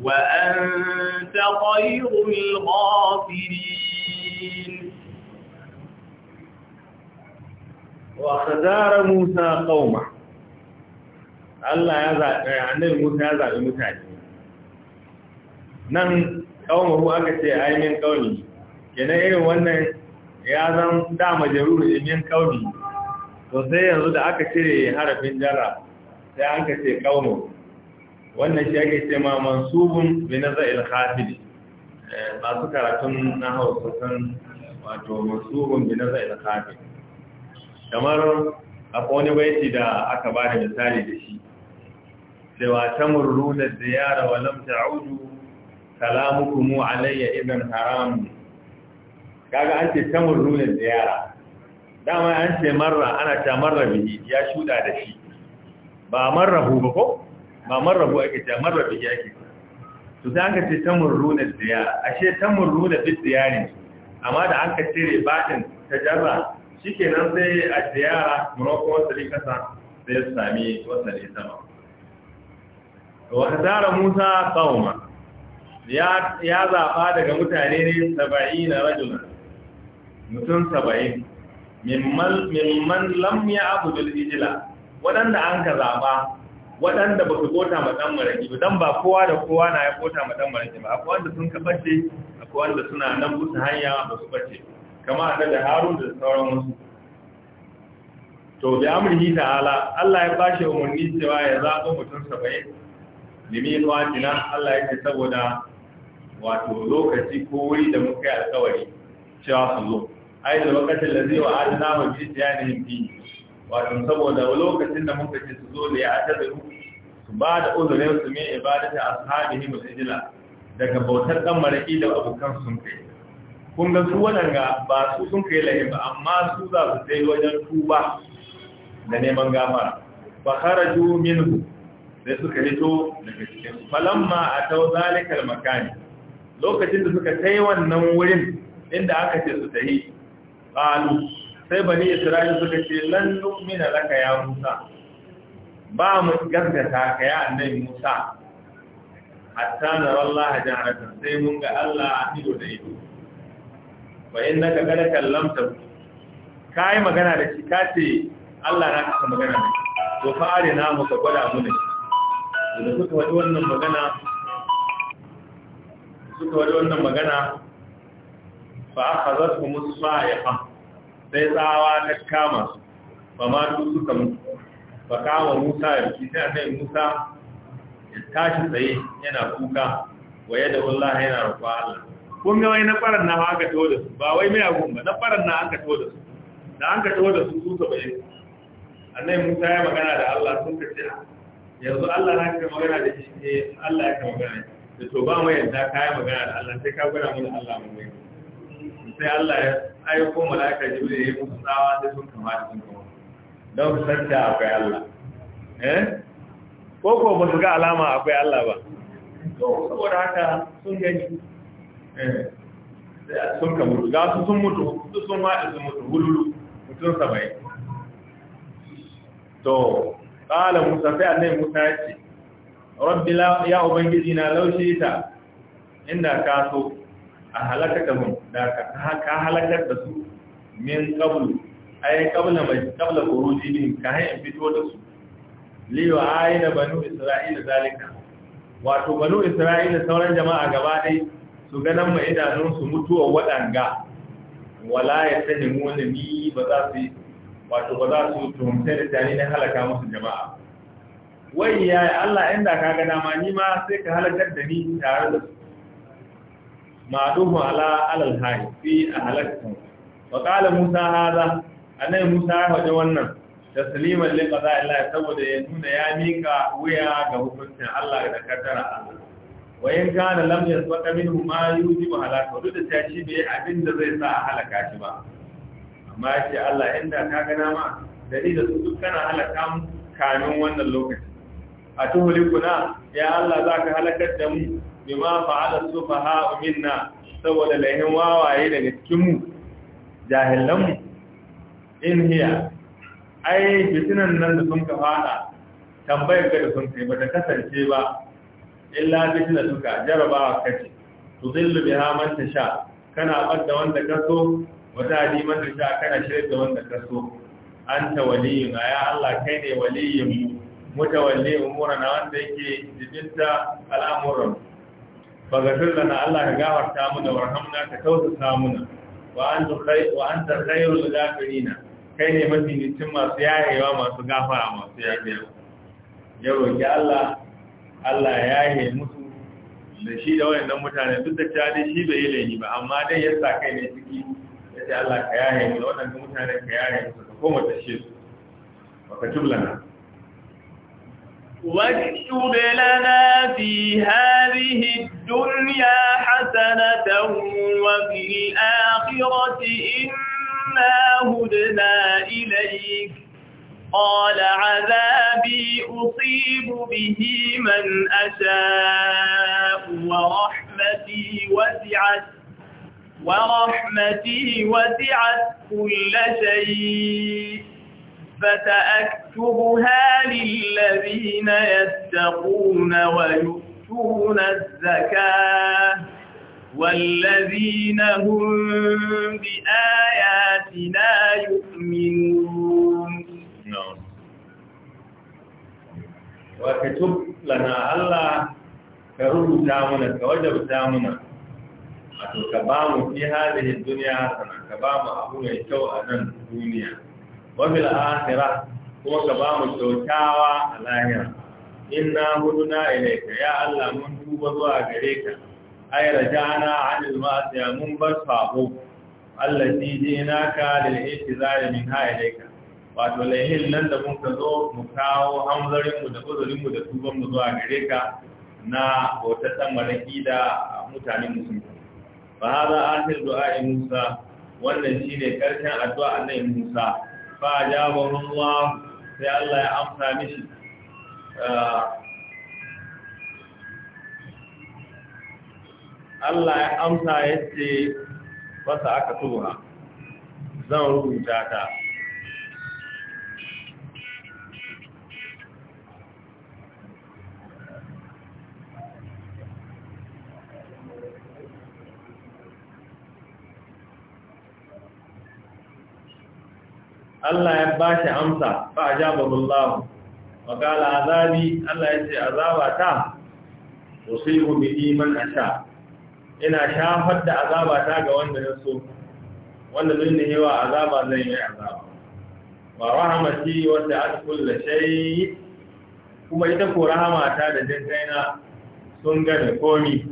وأنت خير الغافرين وأخذار موسى قومه Allah ya zaɓi annabi Musa ya zaɓe mutane nan kawo aka ce ainihin kauli kenan irin wannan ya zan dama jaruru imin kauli to sai yanzu da aka cire harafin jara sai an ka ce kaunu wannan shi ake ce ma mansubun bi naza'il khafili eh, masu karatun na hausa san wato mansubun bi naza'il khafili kamar a wani baiti da aka ba da misali da shi cewa ta murru da wa walam ta'udu kalamukumu alayya idan haram kaga an ce ta murru da ziyara dama an ce marra ana ta marra bihi ya shuda da shi ba hu ba ko ba hu ake ta marra bihi ake to sai an ce ta murru da ziyara ashe ta da bid diyari amma da an ka tire batin jarra shikenan sai a ziyara munakon wasu kasa sai sami wasu isama wa tara Musa qauma ya ya zaba daga mutane ne 70 rajula mutum 70 mimman mimman lam ya'budu al-ijla wadanda an ka zaba waɗanda ba su kota ma ɗan maraki ba don ba kowa da kowa na ya kota ma ɗan maraki ba akwai wanda sun ka ɓace akwai wanda suna nan busa hanya ba su ɓace kama a da harun da sauran wasu to bi amurhi ta'ala allah ya bashi umarni cewa ya zaɓa mutum saba'in limiqatina Allah yake saboda wato lokaci ko wuri da muka yi alkawari cewa su zo ai da lokacin da zai wa adana wa bi yin biyu wato saboda lokacin da muka ce su zo da ya atazu su ba da uzurin su mai ibadata ne al jila daga bautar dan maraki da abokan sun kai kun ga su waɗanga ba su sun kai lahi ba amma su za su sai wajen tuba da neman gafara fa kharaju minhu sai suka hito daga cikin falamma a tau zalikar makani lokacin da suka kai wannan wurin inda aka ce su tahi ƙalu sai bani isra'il suka ce lannun mina laka ya musa ba mu gaskata ka ya annabi musa hatta na wallaha jaharatan sai mun ga allah a ido da ido wa inna ka kada kallamta ka yi magana da shi ka ce allah na kasa magana da shi to fa'ari na muka gwada mu ne da suka wadi wannan magana suka wadi wannan magana fa akhazat hum as-sa'iqa sai tsawa ta kama su ba ma su suka mutu ba kama Musa ya ci sai annabi Musa ya tashi tsaye yana kuka waye da Allah yana roƙo Allah kun ga wai na faran na aka to da su ba wai mai agun ba na faran na aka to da su da an ka to da su su 70 annabi Musa ya magana da Allah sun ka yanzu Allah na kai magana da shi ne eh, Allah ya kai magana da to ba mu yadda ka yi magana da Allah sai ka gwada mana Allah mu ne sai Allah ya aiko mala'ika jibril ya musu tsawa sai sun kama da sun kama don ku san akwai Allah eh ko ko ba su ga alama akwai Allah ba to saboda haka sun gani eh sun ka mutu ga su sun mutu su sun ma sun mutu hululu mutum sabai to ƙala musa fi annai musa ce rabbi ya ubangiji na laushi ta inda ka so a halakar da mun da ka halakar da su min qablu ay da mai da khuruji din ka hay fito da su a yi da banu isra'ila zalika wato banu isra'ila sauran jama'a gaba dai su ganin mai idanun su mutuwa waɗanga wala ya tahimu ni ba za su yi wato ba za su tumtai da tare na halaka musu jama'a wai ya Allah inda ka ga dama ni ma sai ka halakar da ni tare da su ma'aduhu ala alal hayy fi ahlaktum wa qala musa hada, anai musa ya faɗi wannan tasliman li qada'i Allah saboda ya nuna ya mika wuya ga hukuncin Allah da kaddara Allah wa in kana lam yasbaqa minhu ma yujibu halaka duk da ta shi bai abin da zai sa a halaka shi ba ma ya ce Allah inda ta gana ma da ni da su duk kana halaka mu kamin wannan lokaci a kuna, ya Allah za ka halakar da mu ma fa'ala sufaha minna saboda laihin wawaye daga cikin mu jahilan mu in hiya ai fitinan nan da sun ka fada tambayar ga da sun kai ba ta kasance ba illa fitina suka jarabawa kace tudillu biha man tasha kana badda wanda ka kaso wata hadiman da ta kana shirya da wanda ka so an ta waliyin a ya Allah kai ne waliyin mu umura na wanda yake jibinta al'amuran ba ga na Allah ka gafarta muna warhamna ka tausasa samuna. wa an ta da gafirina kai ne mafi nitin masu yayewa masu gafara masu yayewa ya roƙi Allah Allah ya yaye musu da shi da wayannan mutane duk da cewa shi bai yi laifi ba amma dai ya sa kai ne ciki ce Allah ka yaye mu mutane ka yaye mu ka koma shi واكتب لنا في هذه الدنيا حسنة وفي الآخرة إنا هدنا إليك قال عذابي أصيب به من أشاء ورحمتي وسعت ورحمتي وسعت كل شيء فتأكتبها للذين يتقون ويؤتون الزكاة والذين هم بآياتنا يؤمنون نعم. وكتب لنا الله كرب تامنا كوجب تامنا wato ka ba mu fi hadihi duniya sana ka ba mu abu mai kyau a nan duniya wabil ahira akhirah kuma ka ba mu kyautawa a lahira inna huduna ilayka ya Allah mun duba zuwa gare ka ay rajana anil ma'asiya mun bar sabo Allah ji na ka lil ihtizar min ha ilayka wato lahil nan da mun ka zo mu kawo hamzarin mu da gudurin mu da tuban mu zuwa gare ka na wata dan maraki da mutanen musulmi fa hada akhir du'a Musa wannan shine karshen addu'a annabi Musa fa ajabahu Allah sai Allah ya amsa mishi Allah ya amsa yace masa aka tuba zan rubuta ta Allah ya ba shi amsa ba a jababullahu magala azabi Allah ya ce azaba ta usibu bihi man asha ina shafar da azaba ta ga wanda ya so wanda zai ne yawa azaba zai yi azaba wa rahmati wa ta'at kullu shay kuma ita ko rahama ta da jinkaina sun gane komi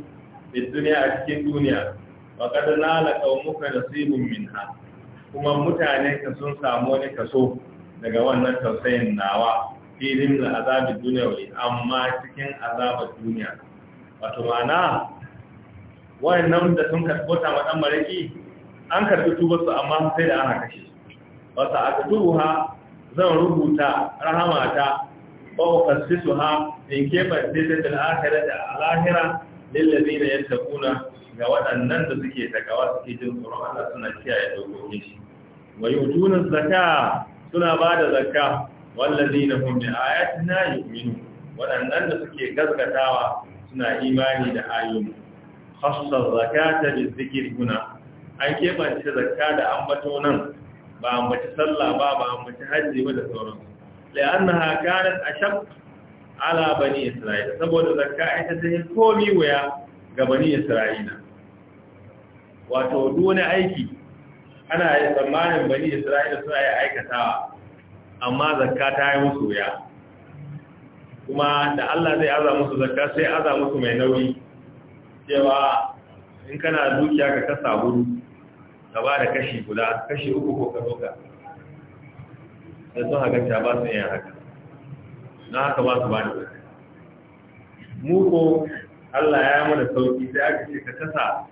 da duniya a cikin duniya wa muka nala qaumuka nasibun minha kuma mutane ka sun samu wani kaso daga wannan tausayin nawa filin da azabin duniya wai amma cikin azabar duniya wato mana wayannan da sun karɓota ma ɗan mariki an karɓi tubarsu amma sai da ana kashe wata a duha zan rubuta rahamata ba ku fasisu ha in keɓar titin da al'akari da al'ahira lillazi da yadda kuna ga waɗannan da suke takawa suke jin tsoron Allah suna kiyaye dokokin shi wa yutuna zakka suna ba da zakka wallazina hum bi ayatina yu'minu waɗannan da suke gaskatawa suna imani da ayoyin khassa zakata bi dhikri huna an kebance zakka da ambato nan ba ambaci sallah ba ba ambaci hajji ba da sauran laanna annaha, kanat ashab ala bani isra'ila saboda zakka ita ta yi komi waya ga bani isra'ila wato duwane wani aiki ana yi tsammanin bani isra'ila suna yi aikatawa amma zakka ta yi musu ya kuma da Allah zai aza musu zakka sai aza musu mai nauyi cewa in kana dukiya ka kasa gudu ka ba da kashi guda kashi uku ko ka doka da sun haka ta ba su yin haka na haka ba su ba da zakka muko Allah ya yi mana sauki sai aka ce ka kasa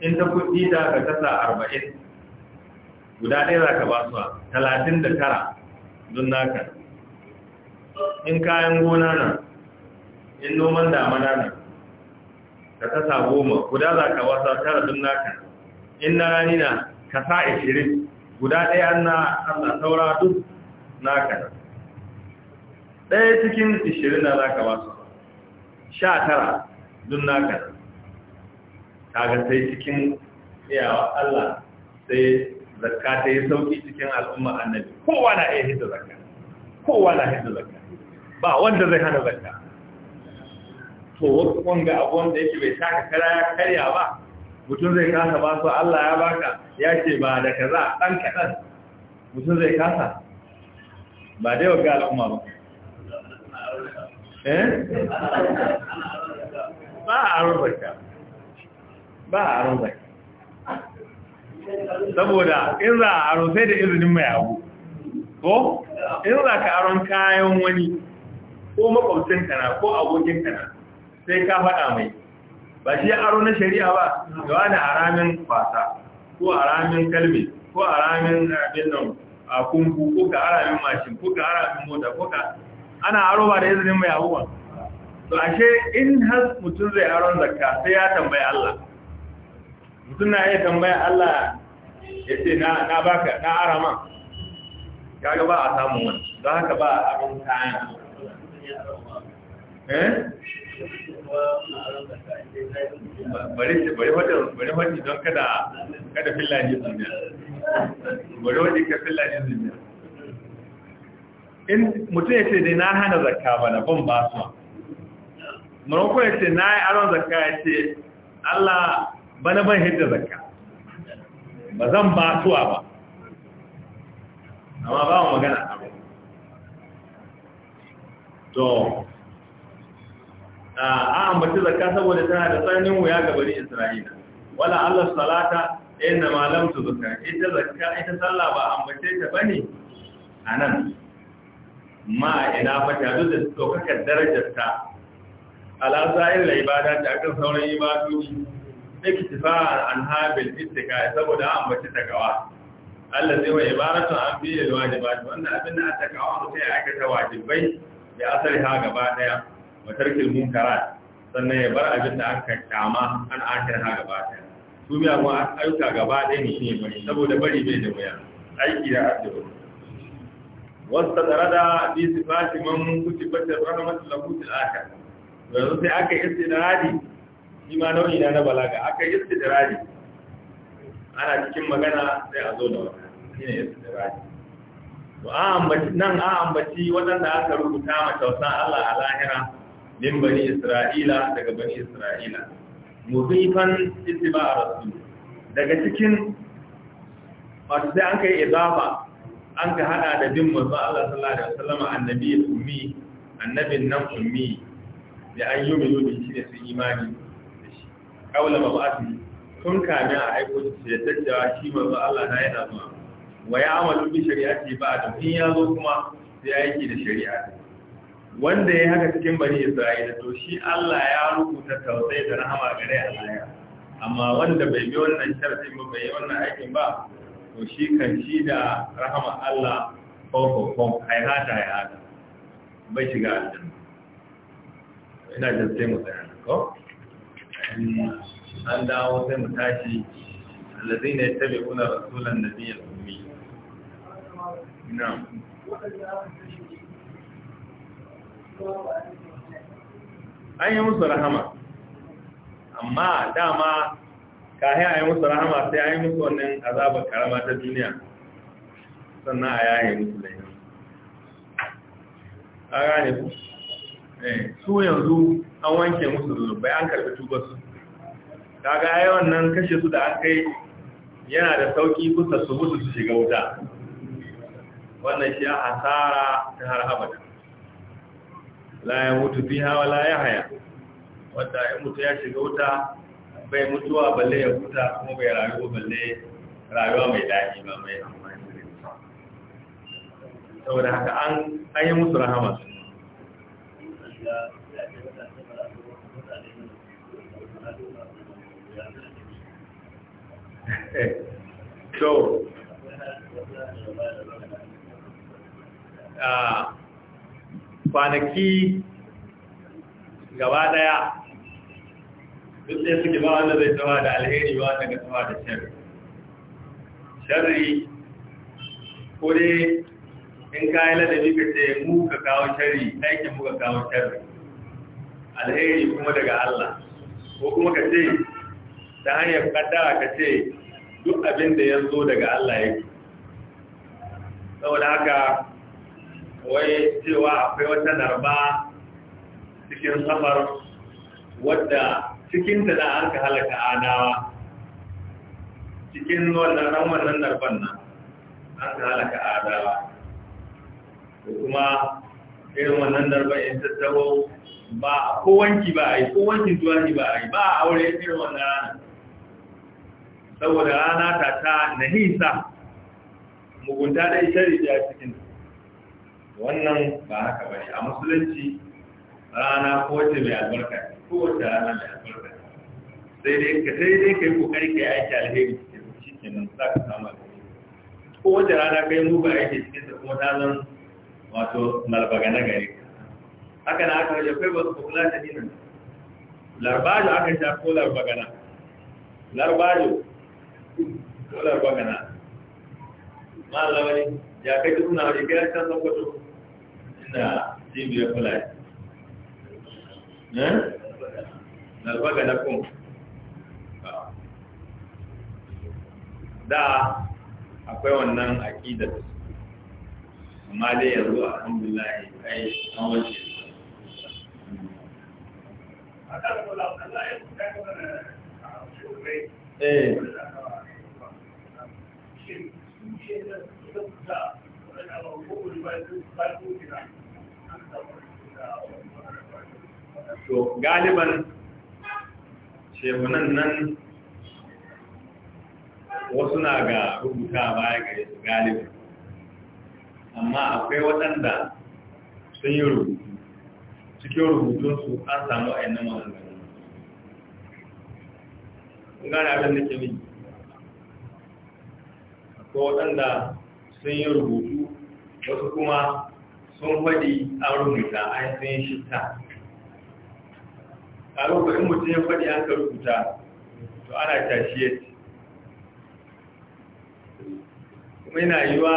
in ta kudi da ka kasa arba'in guda ɗaya za ka ba su talatin da tara don naka in kayan gona na in noman damana na ka kasa goma guda za ka wasa tara don naka in na rani na ka sa ishirin guda ɗaya na allah saura duk naka na ɗaya cikin ishirin na za ka ba su sha tara don naka na kaga sai cikin iyawa Allah sai zakka ta yi sauki cikin al'umma annabi kowa na iya hidda zakka kowa na hidda zakka ba wanda zai hana zakka to wasu kunga abuwan da yake bai taka kara ya karya ba mutum zai kasa ba su Allah ya baka ya ce ba da kaza ɗan kaɗan mutum zai kasa ba dai waga al'umma ba eh ba a rubuta ba a aron zaki saboda in za a aro sai da izinin mai abu ko in za ka aron kayan wani ko makwabcin na ko abokin na sai ka faɗa mai ba shi aro na shari'a ba yawa wani haramin kwasa ko haramin kalmi ko haramin abin nan a kunku ko ka haramin mashin ko ka haramin mota ko ka ana aro ba da izinin mai abubuwan to ashe in har mutum zai aron zakka sai ya tambayi Allah mutum na iya tambaya Allah ya ce na baka na arama kaga ba a samun wani don haka ba a abin kayan eh bari wajen don kada kada fillaji duniya bari wajen ka fillaji duniya in mutum ya ce dai na hana zakka ba na ban ba su maroko ya ce na yi aron zakka ya ce Allah bana ban hidda zakka ba zan ba tuwa ba amma ba mu magana abu to a ambaci zakka saboda tana da tsanin wuya ga bari isra'ila wala allah salata inna ma lam tuzkar ita zakka ita sallah ba ambace ta bane anan ma ina fata duk da dokakar darajar ta ala sa'il ibada da kan sauran ibadodi iktifa'an an habil ittika saboda an bace takawa Allah zai wa ibaratu an bi da wajibat Wanda abin da aka kawo sai aka ta wajibai ya asali ha gaba daya wa tarkil munkarat sannan ya bar abin da aka kama an akir ha gaba daya su biya aika ayyuka gaba daya ne shine bari saboda bari bai da waya aiki da aka wasta darada, bi sifati man kutibat rahmatul lahut al-akhir yanzu sai aka istinadi shi ma nauyi na na balaga aka yi istidraji ana cikin magana sai a zo da wata shi ne istidraji to a ambaci nan a ambaci waɗanda aka rubuta ma Allah a lahira min bani Isra'ila daga bani Isra'ila ba ittiba rasul daga cikin wato sai an kai izafa an ka hada da bin manzo Allah sallallahu alaihi wasallam annabi ummi annabin nan ummi da an yi mu yi shi ne su imani kaula mabasi tun kame a aiko shi ya tattawa shi manzo Allah na yana zuwa wa ya amalu bi shari'ati ba da in ya zo kuma sai aiki da shari'a wanda ya haka cikin bani Isra'ila to shi Allah ya rubuta tausayi da rahama gare a ya amma wanda bai bi wannan sharadin ba bai yi wannan aikin ba to shi kan shi da rahama Allah ko ko haihata ya hada bai shiga aljanna ina da sai mu tsaya ko an dawo sai mu tashi allazi ne ya tabi kuna rasulan da biyan ummi an yi musu rahama amma dama kahi a yi musu rahama sai an yi musu wannan azabar karama ta duniya sannan a yaye musu da yanzu a gane eh, su yanzu an wanke musu zubai an karbi tubarsu kaga ai wannan kashe su da aka yi yana da sauki kusa su mutu su shiga wuta wannan shi hasara ta har abada la ya mutu biha wa la ya haya wanda ya mutu ya shiga wuta bai mutuwa balle ya huta kuma bai rayuwa balle rayuwa mai daɗi ba mai amfani saboda haka an yi musu rahama [LAUGHS] a kwanaki gaba daya duk da suke ba wanda zai tsawa da alheri ba wanda ga tsawa da shari shari ko dai in kayi ladabi ka ce mu ka kawo shari aikin mu ka kawo shari alheri kuma daga Allah ko kuma ka ce ta hanyar kaddara ka ce duk abin da ya zo daga Allah yake saboda haka wai cewa akwai wata narba cikin safar wadda cikinta da an ka halaka adawa cikin wannan ran wannan narban nan an ka halaka adawa da kuma irin wannan narban in tattabo ba a kowanki ba a yi kowanki zuwa ba a yi ba a aure irin wannan ranar saboda rana ta ta nahisa mugunta da shari ta cikin wannan ba haka ba a musulunci rana ko ce mai albarka ko wata rana mai albarka sai dai ka sai dai kai kokari kai aiki alheri cikin shi kenan za ka samu alheri ko wata rana kai mu ba aiki cikin ta kuma ta zan wato malbaga na gari haka na aka wajen kai ba su kula da nan larbajo aka sha ko larbagana larbajo wala ba gana ma da wani ya kai duk na wani kai san san kwato ina jibiya kula ne eh? na ba kana kun da akwai wannan aqidar amma dai yanzu alhamdulillah ai an wace eh to galiban shekunan nan wasu na ga rubuta baya gare su galiban amma akwai waɗanda sun yi rubutu cikin rubutunsu an samu a ainihin maganganu ƙungar abin da ke mi Akwai waɗanda sun yi rubutu wasu kuma sun faɗi an rubuta an sun yi shifta a rubutun mutum ya faɗi an ka rubuta to ana tashiyar kuma yana yiwa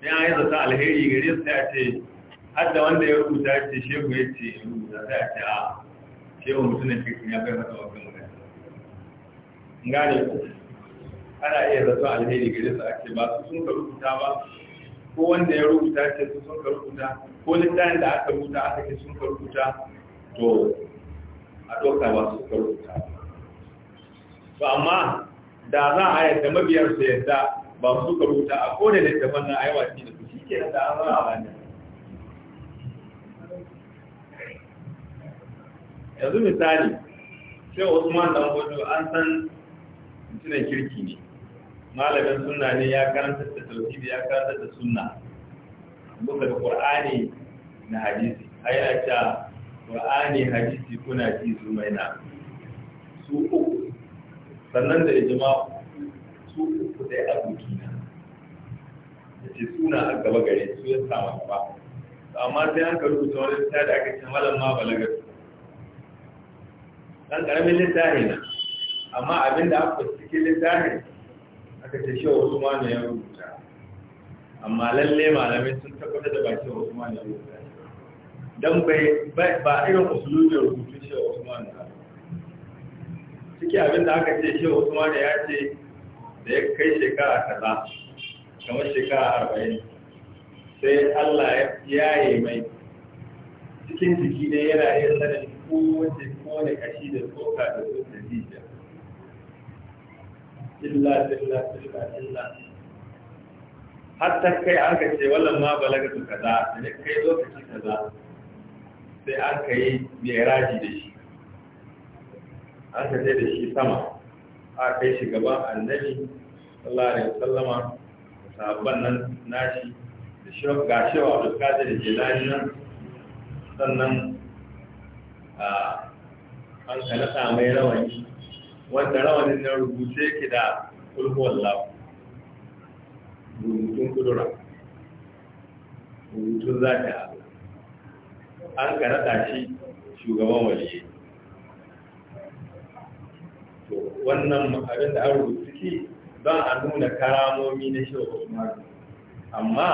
ya yi zata alheri gari su ya ce da wanda ya rubuta ya ce shehu ya ce ya rubuta sai ya ce a shehu mutum na kirkin ya bai mata wakil magana gane ku ana iya zato alheri gare su ake ba su sun ka rubuta ba ko wanda ya rubuta ce su sun ka rubuta ko littafin da aka rubuta aka ce sun ka rubuta to a ɗauka ba su ka rubuta to amma da za a yadda mabiyar su yadda ba su ka rubuta a kone littafin nan aiwa shi da su shi ke da an zama a bani yanzu misali sai usman dan an san mutumin kirki ne malamin sunna ne ya karanta da tauhid ya karanta da sunna muka da qur'ani na hadisi ai a ta qur'ani hadisi kuna ji su mai na su uku sannan da ijma su uku dai abuki na da ce suna a gaba gare su ya samu ba amma sai an karu da wani ta da aka ce malam ma balaga dan karamin littafi na amma abinda aka cikin littafin aka ce shi Usman ne ya rubuta amma lalle malamai sun tabbatar da bakin Usman ne ya rubuta don ba irin usulubin rubutun shi Usman ma ne ciki abin da aka ce shi Usman ne ya ce da ya kai shekara kaza kamar shekara arba'in sai Allah ya yi mai cikin jiki ne yana yin sanin kowace kowane kashi da tsoka da tsoka jijiya illa illa illa illa hatta kai aka ce wallan ma balaga su kaza da ne kai lokaci kaza sai an yi miraji da shi an ka da shi sama a kai shi gaba annabi sallallahu alaihi wasallama sabon nan nashi da shi ga shi wa abdulkadir jilani nan sannan an kalata mai rawani wanda rawanin nan rubuce ki da kulhuwallahu rubutun kudura rubutun zaɓi an karata shi shugaban waje to wannan abin da an rubuta ke don a nuna karamomi na shi wa amma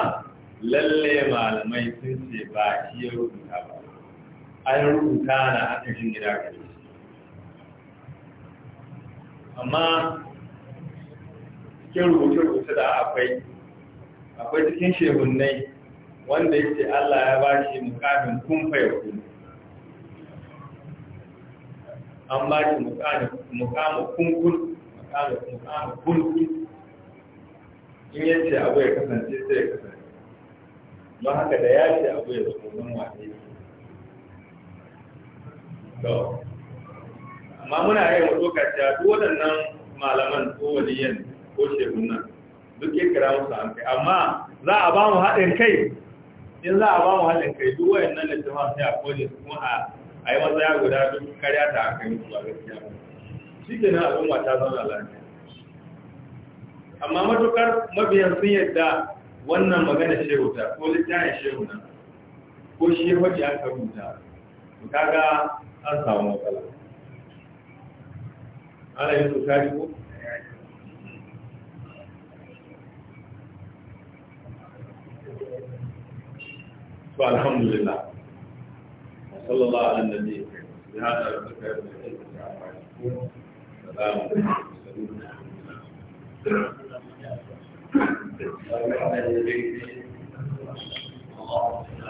lalle malamai sun ce ba shi ya rubuta ba an rubuta na a cikin gida gari amma cikin rubuce-rubuce da akwai akwai cikin shehunai wanda ya ce Allah ya ba shi mukamin kumfa ya kuma an ba shi mukamin kunkun mukamin kunkun in ya ce abu ya kasance sai ya kasance don haka da ya ce abu ya zama wani wace amma muna yi wa lokaci a duk waɗannan malaman ko waliyan ko shekunan duk ya kira musu an kai amma za a ba mu haɗin kai in za a ba mu haɗin kai duk wayan nan da jama'a sai a koje su kuma a yi matsaya guda duk karya ta a yi musu a gaskiya shi ke nan al'umma ta zauna lafiya amma matukar mabiyan sun yadda wannan magana shehu ta ko littafin shehu na ko shi wacce aka ta kaga an samu matsala على yin tuta فالحمد لله صلى الله على النبي بهذا الذكر سلام عليكم